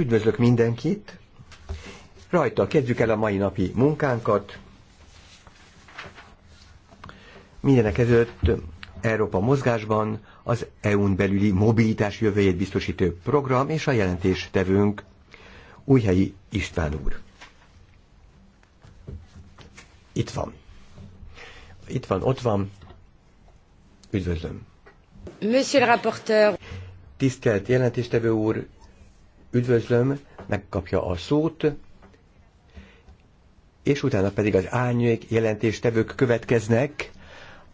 Üdvözlök mindenkit! Rajta kezdjük el a mai napi munkánkat. Mindenek ezelőtt Európa mozgásban az EU-n belüli mobilitás jövőjét biztosító program és a jelentés tevünk Újhelyi István úr. Itt van. Itt van, ott van. Üdvözlöm. Monsieur le rapporteur. Tisztelt jelentéstevő úr, Üdvözlöm, megkapja a szót, és utána pedig az árnyék jelentéstevők következnek,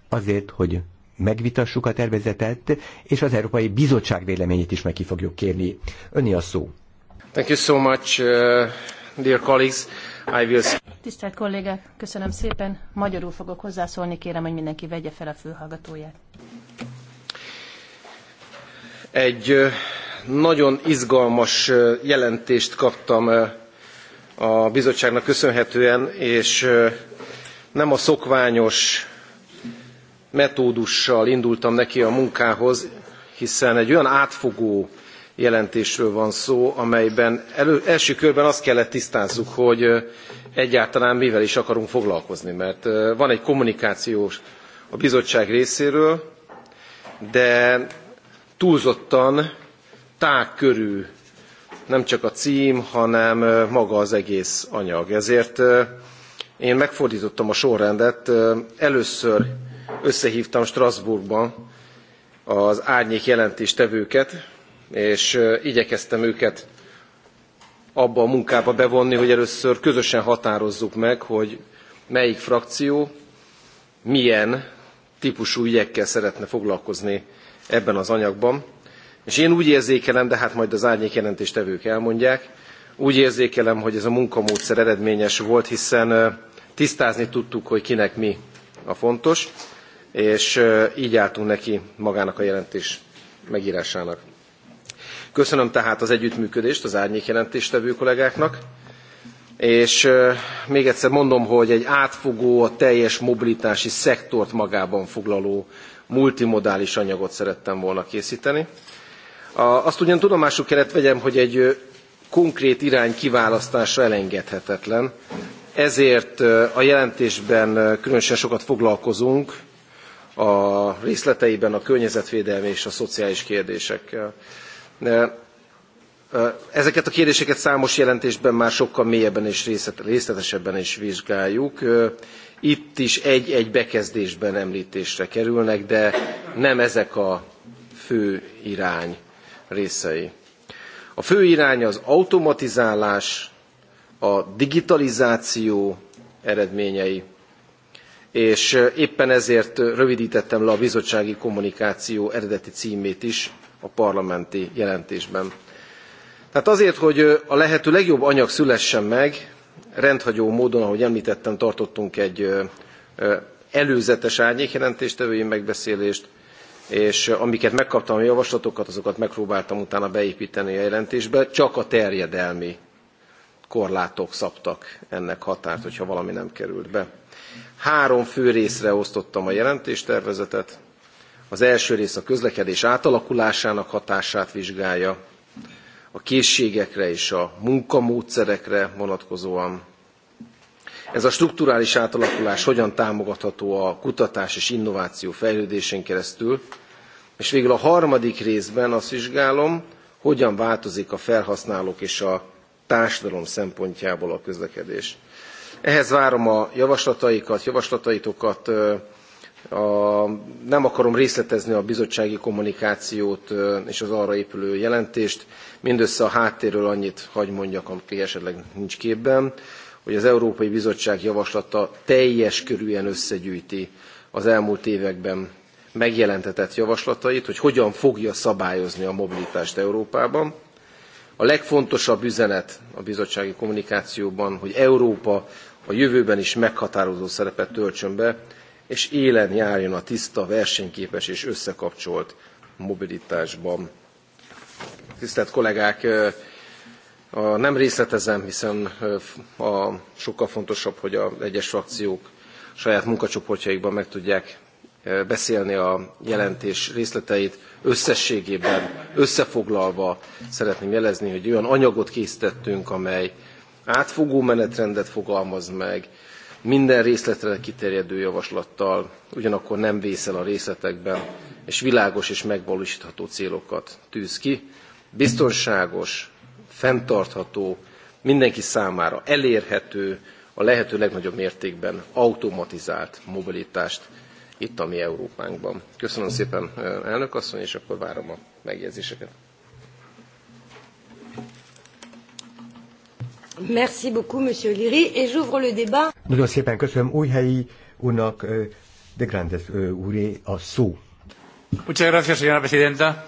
azért, hogy megvitassuk a tervezetet, és az Európai Bizottság véleményét is meg ki fogjuk kérni. Önni a szó. Thank you so much, uh, dear colleagues. I will... Tisztelt kollégák, köszönöm szépen. Magyarul fogok hozzászólni, kérem, hogy mindenki vegye fel a főhallgatóját. Egy uh nagyon izgalmas jelentést kaptam a bizottságnak köszönhetően, és nem a szokványos metódussal indultam neki a munkához, hiszen egy olyan átfogó jelentésről van szó, amelyben elő, első körben azt kellett tisztázzuk, hogy egyáltalán mivel is akarunk foglalkozni, mert van egy kommunikációs a bizottság részéről, de túlzottan tágkörű, nem csak a cím, hanem maga az egész anyag. Ezért én megfordítottam a sorrendet, először összehívtam Strasbourgban az árnyék jelentéstevőket, és igyekeztem őket abba a munkába bevonni, hogy először közösen határozzuk meg, hogy melyik frakció milyen típusú ügyekkel szeretne foglalkozni ebben az anyagban. És én úgy érzékelem, de hát majd az árnyék jelentéstevők elmondják, úgy érzékelem, hogy ez a munkamódszer eredményes volt, hiszen tisztázni tudtuk, hogy kinek mi a fontos, és így álltunk neki magának a jelentés megírásának. Köszönöm tehát az együttműködést az árnyék jelentéstevő kollégáknak, és még egyszer mondom, hogy egy átfogó, a teljes mobilitási szektort magában foglaló multimodális anyagot szerettem volna készíteni azt ugyan tudomásuk kellett vegyem, hogy egy konkrét irány kiválasztása elengedhetetlen, ezért a jelentésben különösen sokat foglalkozunk a részleteiben a környezetvédelmi és a szociális kérdésekkel. Ezeket a kérdéseket számos jelentésben már sokkal mélyebben és részletesebben is vizsgáljuk. Itt is egy-egy bekezdésben említésre kerülnek, de nem ezek a fő irány részei. A fő irány az automatizálás, a digitalizáció eredményei, és éppen ezért rövidítettem le a bizottsági kommunikáció eredeti címét is a parlamenti jelentésben. Tehát azért, hogy a lehető legjobb anyag szülessen meg, rendhagyó módon, ahogy említettem, tartottunk egy előzetes árnyékjelentéstevői megbeszélést, és amiket megkaptam a javaslatokat, azokat megpróbáltam utána beépíteni a jelentésbe, csak a terjedelmi korlátok szabtak ennek határt, hogyha valami nem került be. Három fő részre osztottam a jelentéstervezetet. Az első rész a közlekedés átalakulásának hatását vizsgálja, a készségekre és a munkamódszerekre vonatkozóan, ez a strukturális átalakulás hogyan támogatható a kutatás és innováció fejlődésén keresztül, és végül a harmadik részben azt vizsgálom, hogyan változik a felhasználók és a társadalom szempontjából a közlekedés. Ehhez várom a javaslataikat, javaslataitokat, a, nem akarom részletezni a bizottsági kommunikációt és az arra épülő jelentést, mindössze a háttérről annyit hagy mondjak, aki esetleg nincs képben hogy az Európai Bizottság javaslata teljes körűen összegyűjti az elmúlt években megjelentetett javaslatait, hogy hogyan fogja szabályozni a mobilitást Európában. A legfontosabb üzenet a bizottsági kommunikációban, hogy Európa a jövőben is meghatározó szerepet töltsön be, és élen járjon a tiszta, versenyképes és összekapcsolt mobilitásban. Tisztelt kollégák, nem részletezem, hiszen a, sokkal fontosabb, hogy az egyes frakciók saját munkacsoportjaikban meg tudják beszélni a jelentés részleteit. Összességében, összefoglalva szeretném jelezni, hogy olyan anyagot készítettünk, amely átfogó menetrendet fogalmaz meg, minden részletre kiterjedő javaslattal, ugyanakkor nem vészel a részletekben, és világos és megvalósítható célokat tűz ki. Biztonságos, fenntartható, mindenki számára elérhető, a lehető legnagyobb mértékben automatizált mobilitást itt a mi Európánkban. Köszönöm szépen, eh, elnök asszony, és akkor várom a megjegyzéseket. Merci beaucoup, monsieur Liri, et j'ouvre le débat. Nagyon szépen köszönöm újhelyi úrnak, eh, de Grandes eh, úré a szó. Muchas gracias, señora presidenta.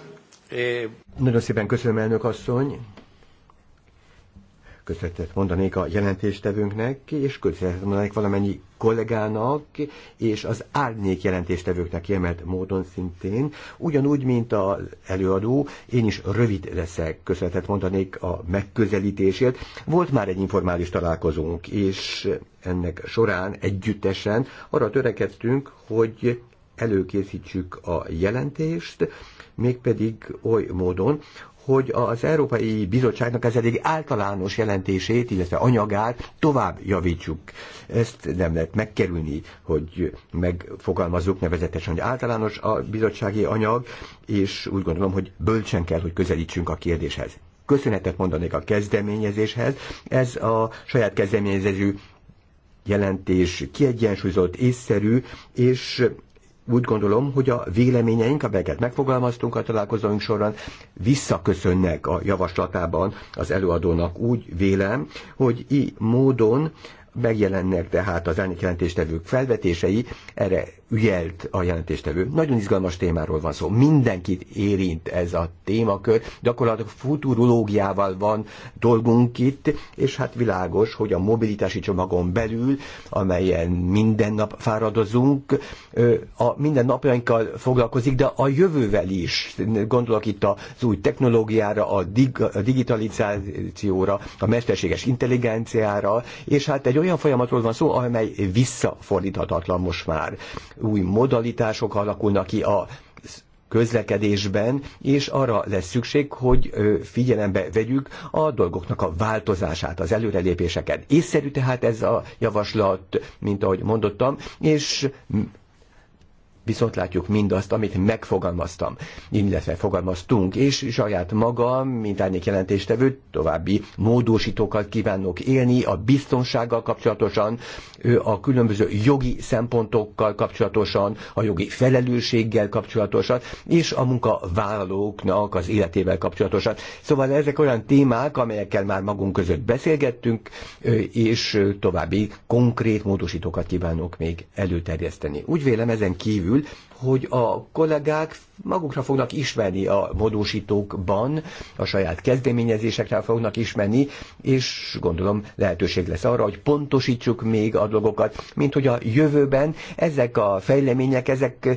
Nagyon szépen köszönöm, elnök asszony köszönetet mondanék a jelentéstevőnknek, és köszönetet mondanék valamennyi kollégának, és az árnyék jelentéstevőknek kiemelt módon szintén, ugyanúgy, mint az előadó, én is rövid leszek, köszönetet mondanék a megközelítésért. Volt már egy informális találkozónk, és ennek során együttesen arra törekedtünk, hogy előkészítsük a jelentést, mégpedig oly módon, hogy az Európai Bizottságnak ez eddig általános jelentését, illetve anyagát tovább javítsuk. Ezt nem lehet megkerülni, hogy megfogalmazzuk nevezetesen, hogy általános a bizottsági anyag, és úgy gondolom, hogy bölcsen kell, hogy közelítsünk a kérdéshez. Köszönetet mondanék a kezdeményezéshez. Ez a saját kezdeményezésű jelentés kiegyensúlyozott, észszerű, és úgy gondolom, hogy a véleményeink, amelyeket megfogalmaztunk a találkozóink során, visszaköszönnek a javaslatában az előadónak. Úgy vélem, hogy így módon megjelennek tehát az elnök jelentéstevők felvetései, erre ügyelt a jelentéstevő. Nagyon izgalmas témáról van szó. Mindenkit érint ez a témakör. Gyakorlatilag futurológiával van dolgunk itt, és hát világos, hogy a mobilitási csomagon belül, amelyen minden nap fáradozunk, a minden napjainkkal foglalkozik, de a jövővel is. Gondolok itt az új technológiára, a digitalizációra, a mesterséges intelligenciára, és hát egy olyan folyamatról van szó, amely visszafordíthatatlan most már. Új modalitások alakulnak ki a közlekedésben, és arra lesz szükség, hogy figyelembe vegyük a dolgoknak a változását, az előrelépéseket. Észszerű tehát ez a javaslat, mint ahogy mondottam, és viszont látjuk mindazt, amit megfogalmaztam, illetve fogalmaztunk, és saját magam, mint árnyék jelentéstevő, további módosítókat kívánok élni a biztonsággal kapcsolatosan, a különböző jogi szempontokkal kapcsolatosan, a jogi felelősséggel kapcsolatosan, és a munkavállalóknak az életével kapcsolatosan. Szóval ezek olyan témák, amelyekkel már magunk között beszélgettünk, és további konkrét módosítókat kívánok még előterjeszteni. Úgy vélem ezen kívül, kiderül, hogy a kollégák magukra fognak ismerni a módosítókban, a saját kezdeményezésekre fognak ismerni, és gondolom lehetőség lesz arra, hogy pontosítsuk még a dolgokat, mint hogy a jövőben ezek a fejlemények, ezek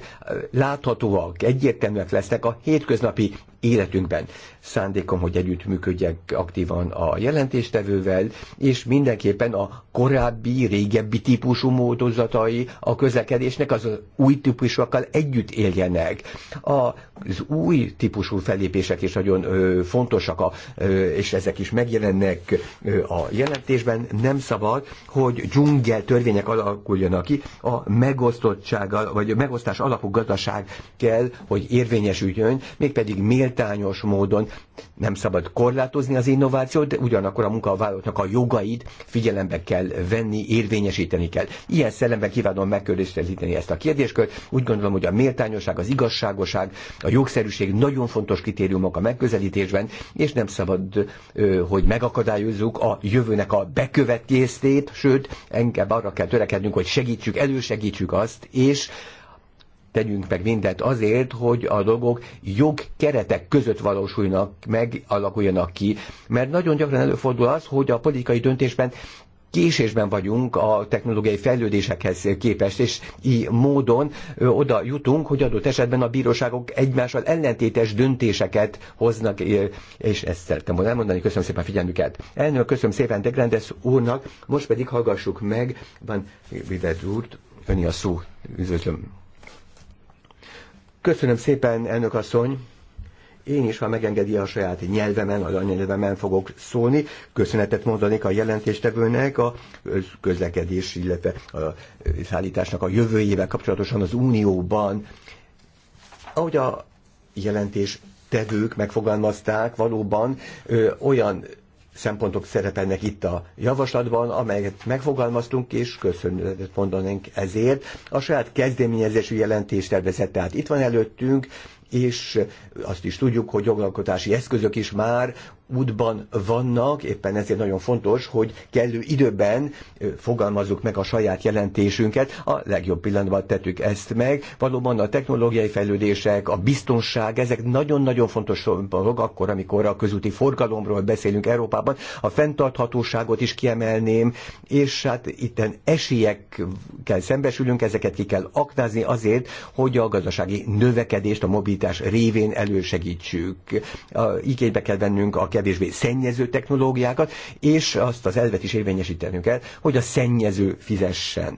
láthatóak, egyértelműek lesznek a hétköznapi életünkben szándékom, hogy együttműködjek aktívan a jelentéstevővel, és mindenképpen a korábbi, régebbi típusú módozatai a közlekedésnek az új típusokkal együtt éljenek. Az új típusú fellépések is nagyon ö, fontosak, a, ö, és ezek is megjelennek ö, a jelentésben. Nem szabad, hogy dzsungel törvények alakuljanak ki a megosztottsággal, vagy a megosztás alapú gazdaság kell, hogy érvényesüljön, mégpedig méltányos módon nem szabad korlátozni az innovációt, de ugyanakkor a munkavállalóknak a jogait figyelembe kell venni, érvényesíteni kell. Ilyen szellemben kívánom megközelíteni ezt a kérdéskört. Úgy gondolom, hogy a méltányosság, az igazságoság, a jogszerűség nagyon fontos kritériumok a megközelítésben, és nem szabad, hogy megakadályozzuk a jövőnek a bekövetkeztét, sőt, inkább arra kell törekednünk, hogy segítsük, elősegítsük azt, és tegyünk meg mindent azért, hogy a dolgok jogkeretek között valósuljanak meg, alakuljanak ki, mert nagyon gyakran előfordul az, hogy a politikai döntésben késésben vagyunk a technológiai fejlődésekhez képest, és így módon oda jutunk, hogy adott esetben a bíróságok egymással ellentétes döntéseket hoznak, és ezt szerettem volna elmondani. Köszönöm szépen figyelmüket. Elnök, köszönöm szépen Degrendes úrnak, most pedig hallgassuk meg Van Vivet úrt, öni a szó, üzletlöm. Köszönöm szépen, elnök asszony! Én is, ha megengedi a saját nyelvemen, az anyanyelvemen fogok szólni. Köszönetet mondanék a jelentéstevőnek a közlekedés, illetve a szállításnak a jövőjével kapcsolatosan az Unióban. Ahogy a jelentéstevők megfogalmazták, valóban ö, olyan szempontok szerepelnek itt a javaslatban, amelyet megfogalmaztunk, és köszönetet mondanánk ezért. A saját kezdeményezésű jelentést tervezett, tehát itt van előttünk, és azt is tudjuk, hogy jogalkotási eszközök is már útban vannak, éppen ezért nagyon fontos, hogy kellő időben fogalmazzuk meg a saját jelentésünket, a legjobb pillanatban tettük ezt meg. Valóban a technológiai fejlődések, a biztonság, ezek nagyon-nagyon fontos dolgok, akkor, amikor a közúti forgalomról beszélünk Európában, a fenntarthatóságot is kiemelném, és hát itten esélyekkel szembesülünk, ezeket ki kell aknázni azért, hogy a gazdasági növekedést a mobilitás révén elősegítsük. A, igénybe kell vennünk a kevésbé szennyező technológiákat, és azt az elvet is érvényesítenünk kell, hogy a szennyező fizessen.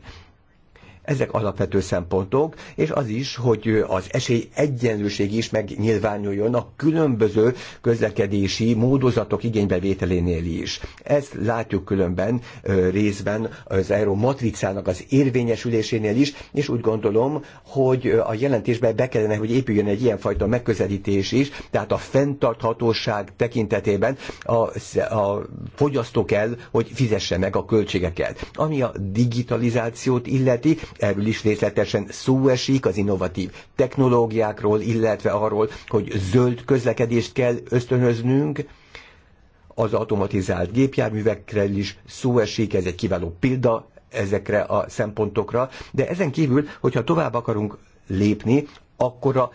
Ezek alapvető szempontok, és az is, hogy az esély egyenlőség is megnyilvánuljon a különböző közlekedési módozatok igénybevételénél is. Ezt látjuk különben részben az Euró matricának az érvényesülésénél is, és úgy gondolom, hogy a jelentésben be kellene, hogy épüljön egy ilyenfajta megközelítés is, tehát a fenntarthatóság tekintetében a, a fogyasztó kell, hogy fizesse meg a költségeket. Ami a digitalizációt illeti, erről is részletesen szó esik, az innovatív technológiákról, illetve arról, hogy zöld közlekedést kell ösztönöznünk, az automatizált gépjárművekről is szó esik, ez egy kiváló példa ezekre a szempontokra, de ezen kívül, hogyha tovább akarunk lépni, akkor a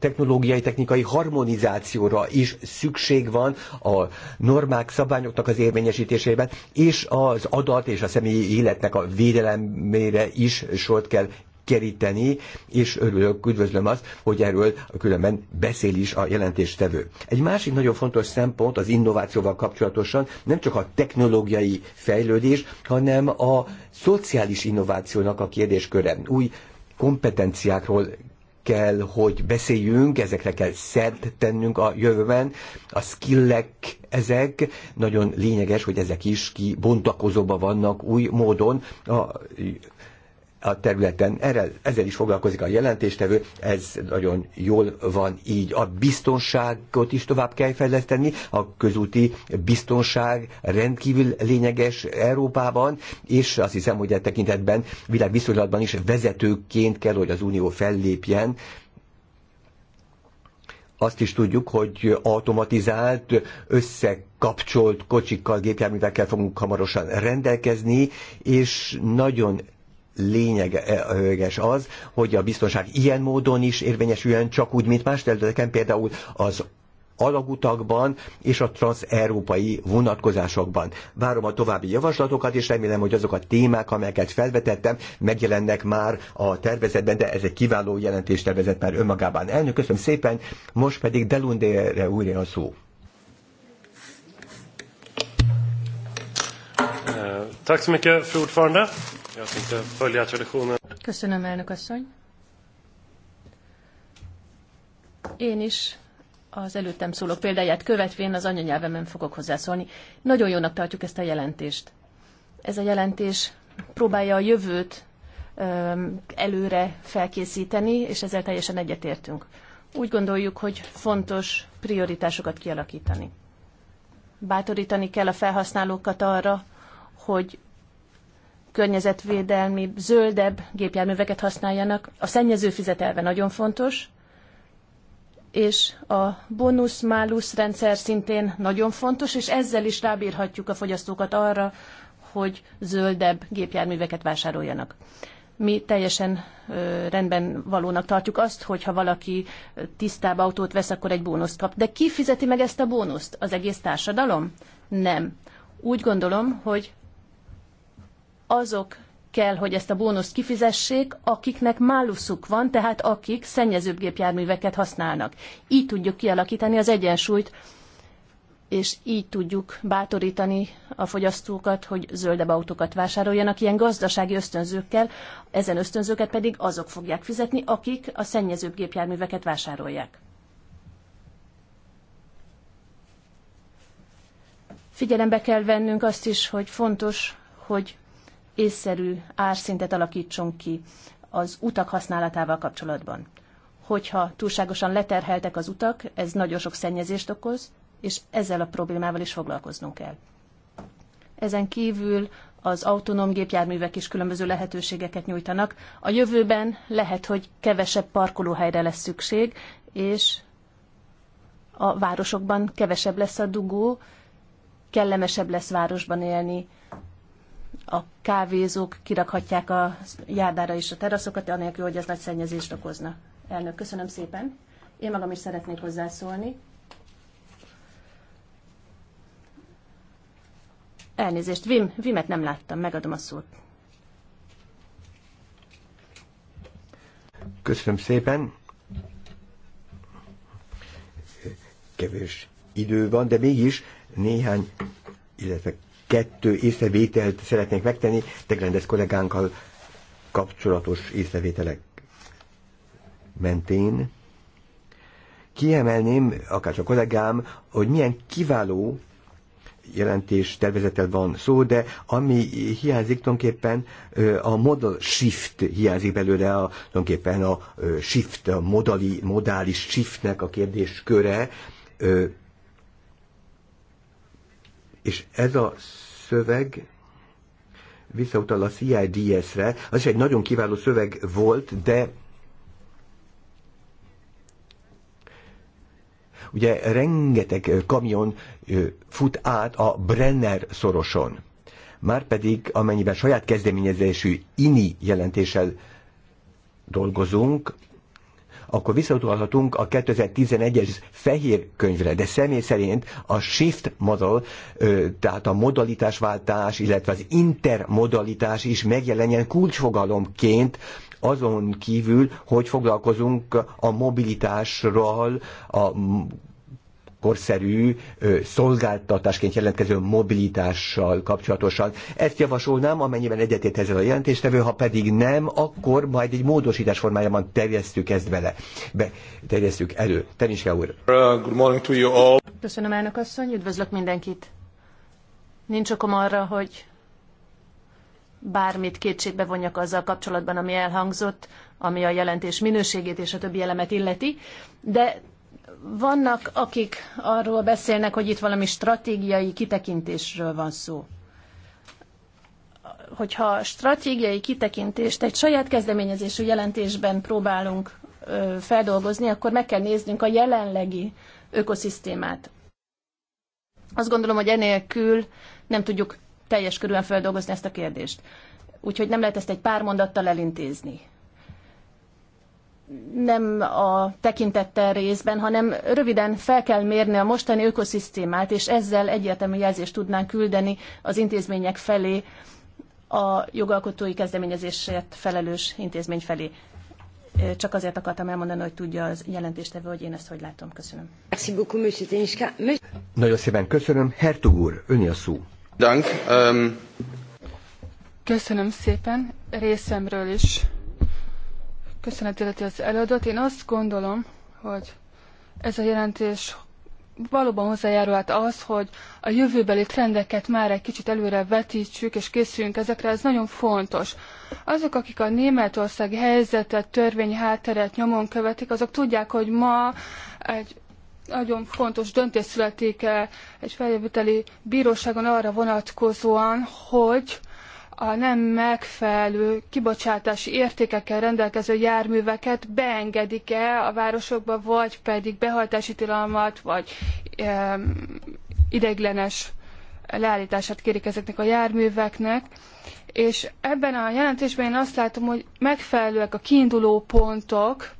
technológiai, technikai harmonizációra is szükség van a normák, szabványoknak az érvényesítésében, és az adat és a személyi életnek a védelemére is sort kell keríteni, és örülök, üdvözlöm azt, hogy erről különben beszél is a jelentéstevő. Egy másik nagyon fontos szempont az innovációval kapcsolatosan nem csak a technológiai fejlődés, hanem a szociális innovációnak a kérdésköre. Új kompetenciákról kell, hogy beszéljünk, ezekre kell szert tennünk a jövőben. A skillek ezek, nagyon lényeges, hogy ezek is kibontakozóban vannak új módon a a területen. Erre, ezzel is foglalkozik a jelentéstevő, ez nagyon jól van így. A biztonságot is tovább kell fejleszteni, a közúti biztonság rendkívül lényeges Európában, és azt hiszem, hogy e tekintetben világviszonylatban is vezetőként kell, hogy az Unió fellépjen, azt is tudjuk, hogy automatizált, összekapcsolt kocsikkal, gépjárművekkel fogunk hamarosan rendelkezni, és nagyon E, lényeges az, hogy a biztonság ilyen módon is érvényesüljön, csak úgy, mint más területeken, például az alagutakban és a transzeurópai vonatkozásokban. Várom a további javaslatokat, és remélem, hogy azok a témák, amelyeket felvetettem, megjelennek már a tervezetben, de ez egy kiváló tervezett már önmagában. Elnök, köszönöm szépen, most pedig Delundére újra a szó. Tack så mycket, fru ordförande. Jag tänkte följa traditionen. Köszönöm, elnök asszony. Én is az előttem szólók példáját követvén az anyanyelvemen fogok hozzászólni. Nagyon jónak tartjuk ezt a jelentést. Ez a jelentés próbálja a jövőt előre felkészíteni, és ezzel teljesen egyetértünk. Úgy gondoljuk, hogy fontos prioritásokat kialakítani. Bátorítani kell a felhasználókat arra, hogy környezetvédelmi, zöldebb gépjárműveket használjanak. A szennyező fizetelve nagyon fontos, és a bónusz-málusz rendszer szintén nagyon fontos, és ezzel is rábírhatjuk a fogyasztókat arra, hogy zöldebb gépjárműveket vásároljanak. Mi teljesen rendben valónak tartjuk azt, hogy ha valaki tisztább autót vesz, akkor egy bónuszt kap. De ki fizeti meg ezt a bónuszt? Az egész társadalom? Nem. Úgy gondolom, hogy azok kell, hogy ezt a bónuszt kifizessék, akiknek máluszuk van, tehát akik szennyezőbb gépjárműveket használnak. Így tudjuk kialakítani az egyensúlyt, és így tudjuk bátorítani a fogyasztókat, hogy zöldebb autókat vásároljanak ilyen gazdasági ösztönzőkkel, ezen ösztönzőket pedig azok fogják fizetni, akik a szennyezőbb gépjárműveket vásárolják. Figyelembe kell vennünk azt is, hogy fontos, hogy észszerű árszintet alakítsunk ki az utak használatával kapcsolatban. Hogyha túlságosan leterheltek az utak, ez nagyon sok szennyezést okoz, és ezzel a problémával is foglalkoznunk kell. Ezen kívül az autonóm gépjárművek is különböző lehetőségeket nyújtanak. A jövőben lehet, hogy kevesebb parkolóhelyre lesz szükség, és a városokban kevesebb lesz a dugó, kellemesebb lesz városban élni, a kávézók kirakhatják a járdára és a teraszokat, anélkül, hogy ez nagy szennyezést okozna. Elnök, köszönöm szépen. Én magam is szeretnék hozzászólni. Elnézést, Vim, Vimet nem láttam, megadom a szót. Köszönöm szépen. Kevés idő van, de mégis néhány, illetve kettő észrevételt szeretnék megtenni Tegrendes kollégánkkal kapcsolatos észrevételek mentén. Kiemelném, akár csak kollégám, hogy milyen kiváló jelentés tervezetel van szó, de ami hiányzik tulajdonképpen a modal shift hiányzik belőle, a, tulajdonképpen a shift, a modali, modális shiftnek a kérdésköre, és ez a szöveg visszautal a CIDS-re, az is egy nagyon kiváló szöveg volt, de ugye rengeteg kamion fut át a Brenner szoroson. Márpedig amennyiben saját kezdeményezésű INI jelentéssel dolgozunk, akkor visszautalhatunk a 2011-es fehér könyvre, de személy szerint a shift model, tehát a modalitásváltás, illetve az intermodalitás is megjelenjen kulcsfogalomként azon kívül, hogy foglalkozunk a mobilitásról, a korszerű szolgáltatásként jelentkező mobilitással kapcsolatosan. Ezt javasolnám, amennyiben egyetért ezzel a jelentéstevő, ha pedig nem, akkor majd egy módosítás formájában terjesztjük ezt bele. Be, terjesztjük elő. Tenisre úr. Uh, good morning to you all. Köszönöm, elnök asszony, üdvözlök mindenkit. Nincs okom arra, hogy bármit kétségbe vonjak azzal kapcsolatban, ami elhangzott, ami a jelentés minőségét és a többi elemet illeti, de vannak, akik arról beszélnek, hogy itt valami stratégiai kitekintésről van szó. Hogyha stratégiai kitekintést egy saját kezdeményezésű jelentésben próbálunk feldolgozni, akkor meg kell néznünk a jelenlegi ökoszisztémát. Azt gondolom, hogy enélkül nem tudjuk teljes körülön feldolgozni ezt a kérdést. Úgyhogy nem lehet ezt egy pár mondattal elintézni nem a tekintettel részben, hanem röviden fel kell mérni a mostani ökoszisztémát, és ezzel egyértelmű jelzést tudnánk küldeni az intézmények felé, a jogalkotói kezdeményezésért felelős intézmény felé. Csak azért akartam elmondani, hogy tudja az jelentéstevő, hogy én ezt hogy látom. Köszönöm. Nagyon szépen köszönöm. Hertug úr, ön a szó. Dank. Um... Köszönöm szépen részemről is Köszönet illeti az előadót. Én azt gondolom, hogy ez a jelentés valóban hozzájárulhat az, hogy a jövőbeli trendeket már egy kicsit előre vetítsük és készüljünk ezekre, ez nagyon fontos. Azok, akik a németország helyzetet, törvény hátteret nyomon követik, azok tudják, hogy ma egy nagyon fontos döntés születik egy feljövőteli bíróságon arra vonatkozóan, hogy a nem megfelelő kibocsátási értékekkel rendelkező járműveket beengedik-e a városokba, vagy pedig behajtási tilalmat, vagy e, ideiglenes leállítását kérik ezeknek a járműveknek. És ebben a jelentésben én azt látom, hogy megfelelőek a kiinduló pontok,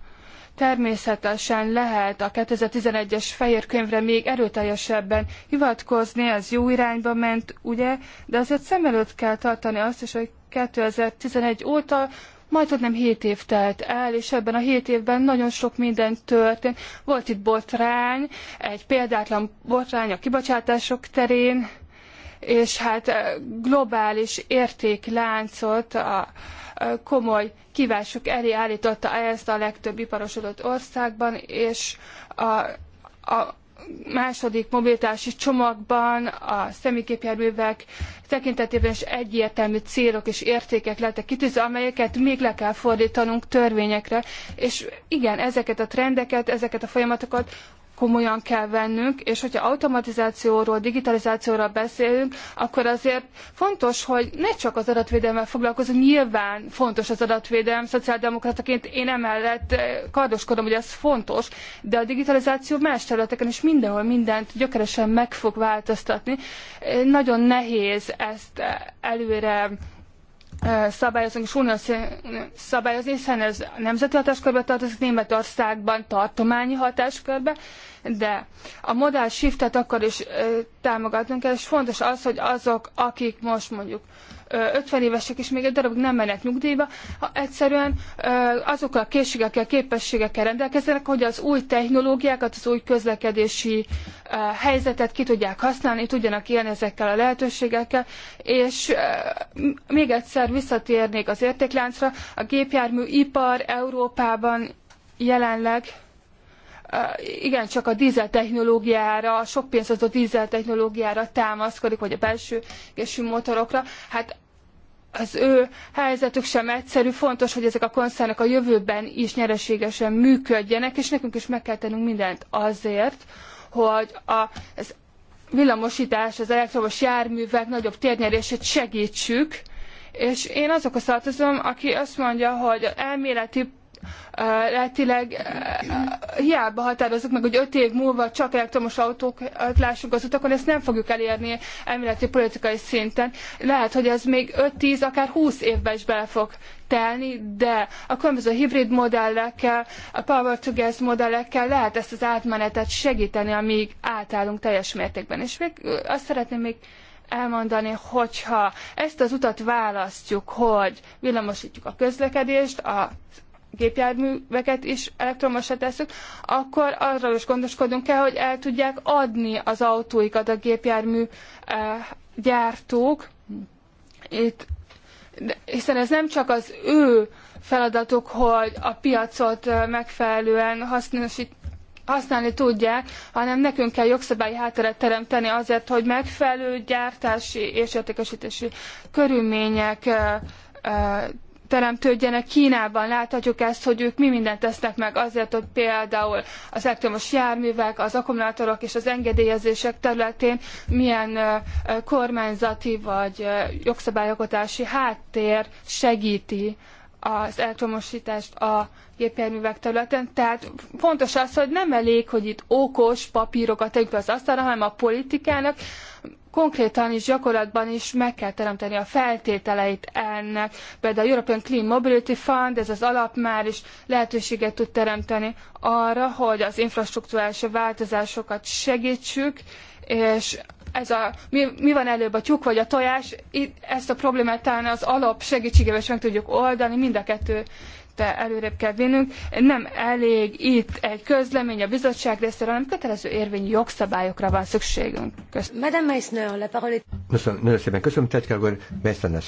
Természetesen lehet a 2011-es fehér könyvre még erőteljesebben hivatkozni, ez jó irányba ment, ugye, de azért szem előtt kell tartani azt is, hogy 2011 óta majdnem 7 év telt el, és ebben a 7 évben nagyon sok minden történt. Volt itt botrány, egy példátlan botrány a kibocsátások terén, és hát globális értékláncot a komoly kívások elé állította ezt a legtöbb iparosodott országban, és a, a második mobilitási csomagban a személyképjárművek tekintetében is egyértelmű célok és értékek lettek kitűzve, amelyeket még le kell fordítanunk törvényekre. És igen, ezeket a trendeket, ezeket a folyamatokat komolyan kell vennünk, és hogyha automatizációról, digitalizációról beszélünk, akkor azért fontos, hogy ne csak az adatvédelemmel foglalkozunk, nyilván fontos az adatvédelem, szociáldemokrataként én emellett eh, kardoskodom, hogy ez fontos, de a digitalizáció más területeken is mindenhol mindent gyökeresen meg fog változtatni. Eh, nagyon nehéz ezt eh, előre szabályozunk és uniós szabályozni, hiszen ez nemzeti hatáskörbe tartozik, Németországban tartományi hatáskörbe, de a modál shiftet akkor is támogatnunk kell, és fontos az, hogy azok, akik most mondjuk 50 évesek, is még egy darabig nem mennek nyugdíjba, ha egyszerűen azokkal a készségekkel, képességekkel rendelkeznek, hogy az új technológiákat, az új közlekedési helyzetet ki tudják használni, tudjanak élni ezekkel a lehetőségekkel, és még egyszer visszatérnék az értékláncra, a gépjárműipar Európában jelenleg igen, csak a dízel technológiára, sok pénzt a dízel technológiára támaszkodik, vagy a belső égésű motorokra. Hát az ő helyzetük sem egyszerű, fontos, hogy ezek a koncernek a jövőben is nyereségesen működjenek, és nekünk is meg kell tennünk mindent azért, hogy a, az villamosítás, az elektromos járművek nagyobb térnyerését segítsük, és én azokhoz tartozom, aki azt mondja, hogy elméleti letileg hiába határozzuk meg, hogy öt év múlva csak elektromos autókat lássunk az utakon, ezt nem fogjuk elérni elméleti politikai szinten. Lehet, hogy ez még 5-10, akár 20 évben is bele fog telni, de a különböző hibrid modellekkel, a power to gas modellekkel lehet ezt az átmenetet segíteni, amíg átállunk teljes mértékben. És még azt szeretném még elmondani, hogyha ezt az utat választjuk, hogy villamosítjuk a közlekedést, az gépjárműveket is elektromosra tesszük, akkor arról is gondoskodunk kell, hogy el tudják adni az autóikat a gépjármű eh, gyártók. Itt, hiszen ez nem csak az ő feladatuk, hogy a piacot eh, megfelelően hasznosít, használni tudják, hanem nekünk kell jogszabályi hátteret teremteni azért, hogy megfelelő gyártási és értékesítési körülmények eh, teremtődjenek Kínában. Láthatjuk ezt, hogy ők mi mindent tesznek meg azért, hogy például az elektromos járművek, az akkumulátorok és az engedélyezések területén milyen kormányzati vagy jogszabályokotási háttér segíti az elektromosítást a gépjárművek területen. Tehát fontos az, hogy nem elég, hogy itt okos papírokat tegyünk az asztalra, hanem a politikának konkrétan is, gyakorlatban is meg kell teremteni a feltételeit ennek. Például a European Clean Mobility Fund, ez az alap már is lehetőséget tud teremteni arra, hogy az infrastruktúrális változásokat segítsük, és ez a, mi, mi van előbb a tyúk vagy a tojás, itt ezt a problémát talán az alap segítségével is meg tudjuk oldani, mind a kettő te előrébb kell vinnünk. Nem elég itt egy közlemény a bizottság részéről, hanem kötelező érvényű jogszabályokra van szükségünk. Köszönöm. Madame Meissner, la parole. Köszönöm, nagyon szépen köszönöm, Tetkel Meissner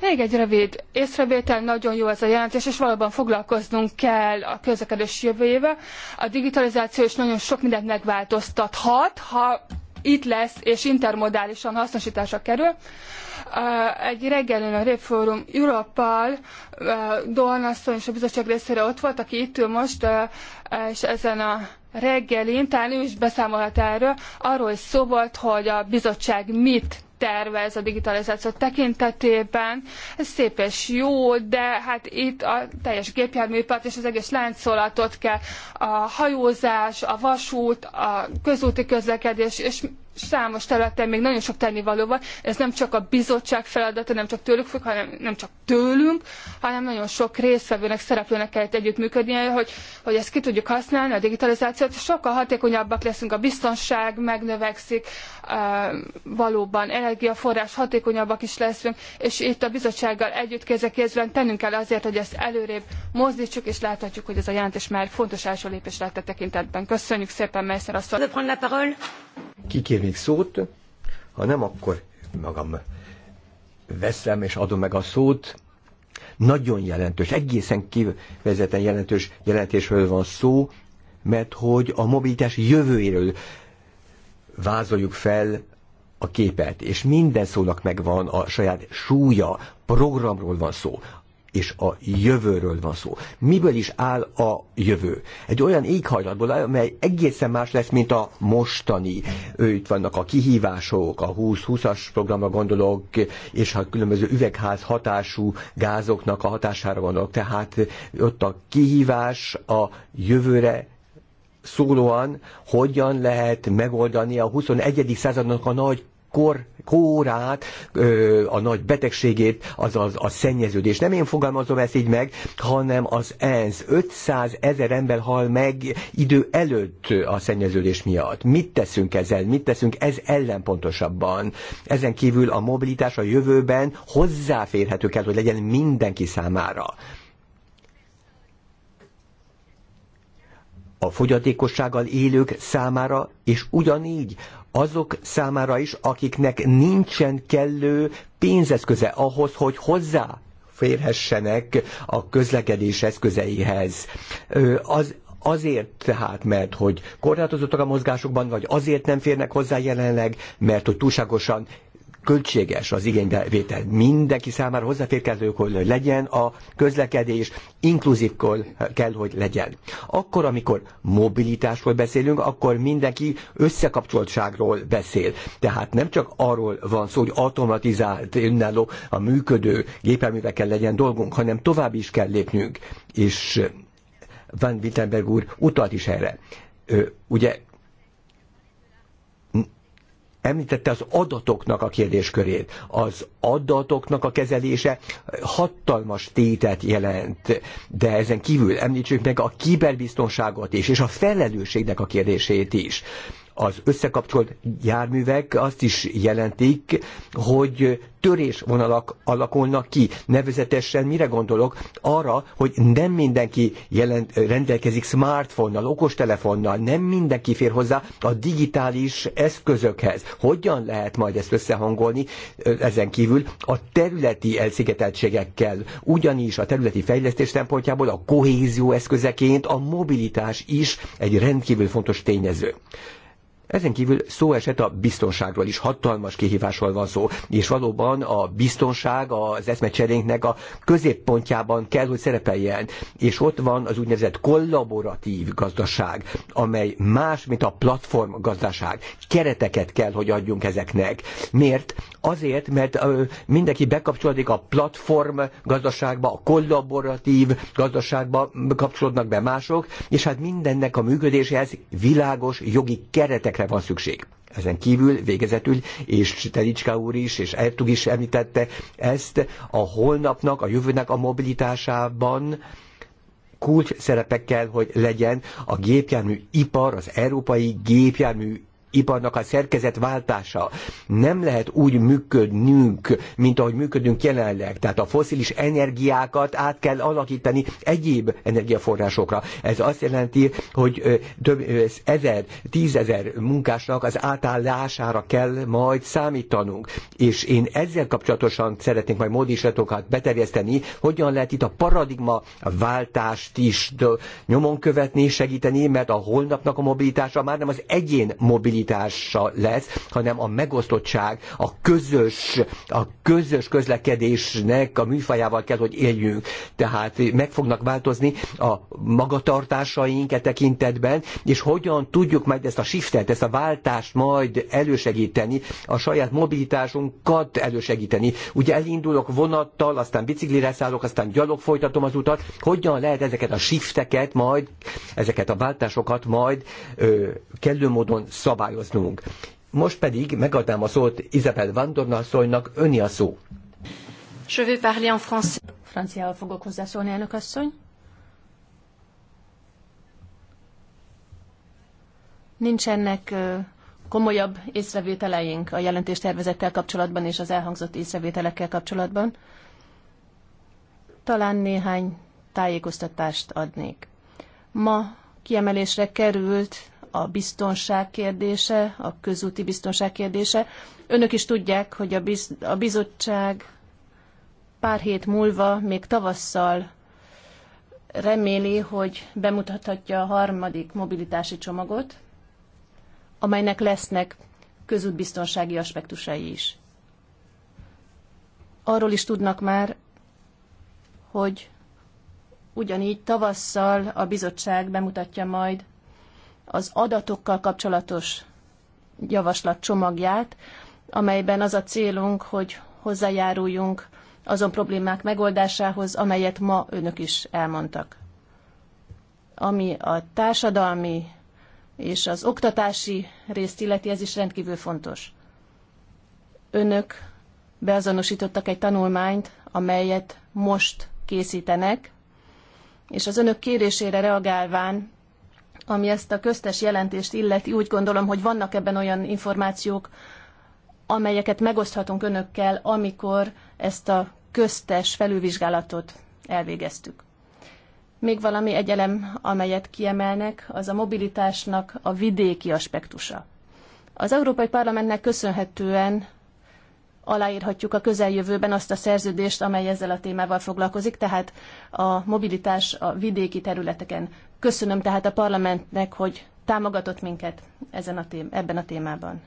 Még egy rövid észrevétel, nagyon jó ez a jelentés, és valóban foglalkoznunk kell a közlekedés jövőjével. A digitalizáció is nagyon sok mindent megváltoztathat, ha itt lesz, és intermodálisan hasznosításra kerül. Egy reggelén a Rép Fórum Európal, Dolnasszony és a bizottság részére ott volt, aki itt ül most, és ezen a reggelin, talán ő is beszámolhat erről, arról is szó volt, hogy a bizottság mit tervez a digitalizáció tekintetében. Ez szép és jó, de hát itt a teljes gépjárműipart és az egész láncolatot kell, a hajózás, a vasút, a közúti közlekedés és számos területen még nagyon sok tennivaló van. Ez nem csak a bizottság feladata, nem csak tőlük függ, hanem nem csak tőlünk, hanem nagyon sok résztvevőnek, szereplőnek kell együttműködnie, hogy, hogy ezt ki tudjuk használni, a digitalizációt, sokkal hatékonyabbak leszünk, a biztonság megnövekszik, valóban energiaforrás hatékonyabbak is leszünk, és itt a bizottsággal együtt kézekézben tennünk kell azért, hogy ezt előrébb mozdítsuk, és láthatjuk, hogy ez a jelentés már fontos első lépés lett a tekintetben. Köszönjük szépen, Messzer asszony! Ki kér még szót? Ha nem, akkor magam veszem és adom meg a szót. Nagyon jelentős, egészen kivezeten jelentős jelentésről van szó, mert hogy a mobilitás jövőjéről vázoljuk fel a képet, és minden szónak megvan a saját súlya, programról van szó, és a jövőről van szó. Miből is áll a jövő? Egy olyan éghajlatból, amely egészen más lesz, mint a mostani. Ő, itt vannak a kihívások, a 20-20-as programra gondolok, és a különböző üvegház hatású gázoknak a hatására gondolok. Tehát ott a kihívás a jövőre szólóan, hogyan lehet megoldani a 21. századnak a nagy kor, kórát, a nagy betegségét, azaz a szennyeződés. Nem én fogalmazom ezt így meg, hanem az ENSZ. 500 ezer ember hal meg idő előtt a szennyeződés miatt. Mit teszünk ezzel? Mit teszünk ez ellen pontosabban? Ezen kívül a mobilitás a jövőben hozzáférhető kell, hogy legyen mindenki számára. a fogyatékossággal élők számára, és ugyanígy azok számára is, akiknek nincsen kellő pénzeszköze ahhoz, hogy hozzá férhessenek a közlekedés eszközeihez. Az, azért tehát, mert hogy korlátozottak a mozgásokban, vagy azért nem férnek hozzá jelenleg, mert hogy túlságosan költséges az igénybevétel mindenki számára hozzáférkező hogy legyen a közlekedés, inkluzív kell, hogy legyen. Akkor, amikor mobilitásról beszélünk, akkor mindenki összekapcsoltságról beszél. Tehát nem csak arról van szó, hogy automatizált, önálló, a működő gépjárművekkel legyen dolgunk, hanem tovább is kell lépnünk. És Van Wittenberg úr utalt is erre. ugye említette az adatoknak a kérdéskörét. Az adatoknak a kezelése hatalmas tétet jelent, de ezen kívül említsük meg a kiberbiztonságot is, és a felelősségnek a kérdését is az összekapcsolt járművek azt is jelentik, hogy törésvonalak alakulnak ki. Nevezetesen mire gondolok? Arra, hogy nem mindenki jelent, rendelkezik smartphone-nal, okostelefonnal, nem mindenki fér hozzá a digitális eszközökhez. Hogyan lehet majd ezt összehangolni ezen kívül a területi elszigeteltségekkel? Ugyanis a területi fejlesztés szempontjából a kohézió eszközeként a mobilitás is egy rendkívül fontos tényező. Ezen kívül szó esett a biztonságról is, hatalmas kihívásról van szó, és valóban a biztonság az eszmecserénknek a középpontjában kell, hogy szerepeljen, és ott van az úgynevezett kollaboratív gazdaság, amely más, mint a platform gazdaság. Kereteket kell, hogy adjunk ezeknek. Miért? Azért, mert mindenki bekapcsolódik a platform gazdaságba, a kollaboratív gazdaságba kapcsolódnak be mások, és hát mindennek a működéséhez világos jogi keretek eszközökre van szükség. Ezen kívül végezetül, és Telicska úr is, és Ertug is említette ezt, a holnapnak, a jövőnek a mobilitásában kulcs szerepe kell, hogy legyen a gépjármű ipar, az európai gépjármű iparnak a szerkezet váltása. Nem lehet úgy működnünk, mint ahogy működünk jelenleg. Tehát a foszilis energiákat át kell alakítani egyéb energiaforrásokra. Ez azt jelenti, hogy több ezer, tízezer munkásnak az átállására kell majd számítanunk. És én ezzel kapcsolatosan szeretnék majd módisatokat beterjeszteni, hogyan lehet itt a paradigma váltást is nyomon követni, segíteni, mert a holnapnak a mobilitása már nem az egyén mobilitása, irányítása lesz, hanem a megosztottság, a közös, a közös közlekedésnek a műfajával kell, hogy éljünk. Tehát meg fognak változni a magatartásaink e tekintetben, és hogyan tudjuk majd ezt a shiftet, ezt a váltást majd elősegíteni, a saját mobilitásunkat elősegíteni. Ugye elindulok vonattal, aztán biciklire szállok, aztán gyalog folytatom az utat. Hogyan lehet ezeket a shifteket majd, ezeket a váltásokat majd ö, kellő módon szabályozni? szabályoznunk. Most pedig megadnám a szót Isabel Vandornasszonynak, öni a szó. Je vais parler en français. Franciául fogok hozzászólni, elnök asszony. Nincsenek komolyabb észrevételeink a jelentéstervezettel kapcsolatban és az elhangzott észrevételekkel kapcsolatban. Talán néhány tájékoztatást adnék. Ma kiemelésre került a biztonság kérdése, a közúti biztonság kérdése. Önök is tudják, hogy a, biz, a bizottság pár hét múlva, még tavasszal reméli, hogy bemutathatja a harmadik mobilitási csomagot, amelynek lesznek közútbiztonsági aspektusai is. Arról is tudnak már, hogy ugyanígy tavasszal a bizottság bemutatja majd az adatokkal kapcsolatos javaslat csomagját, amelyben az a célunk, hogy hozzájáruljunk azon problémák megoldásához, amelyet ma önök is elmondtak. Ami a társadalmi és az oktatási részt illeti, ez is rendkívül fontos. Önök beazonosítottak egy tanulmányt, amelyet most készítenek, és az önök kérésére reagálván ami ezt a köztes jelentést illeti, úgy gondolom, hogy vannak ebben olyan információk, amelyeket megoszthatunk önökkel, amikor ezt a köztes felülvizsgálatot elvégeztük. Még valami egyelem, amelyet kiemelnek, az a mobilitásnak a vidéki aspektusa. Az Európai Parlamentnek köszönhetően aláírhatjuk a közeljövőben azt a szerződést, amely ezzel a témával foglalkozik, tehát a mobilitás a vidéki területeken. Köszönöm tehát a parlamentnek, hogy támogatott minket ezen a tém- ebben a témában.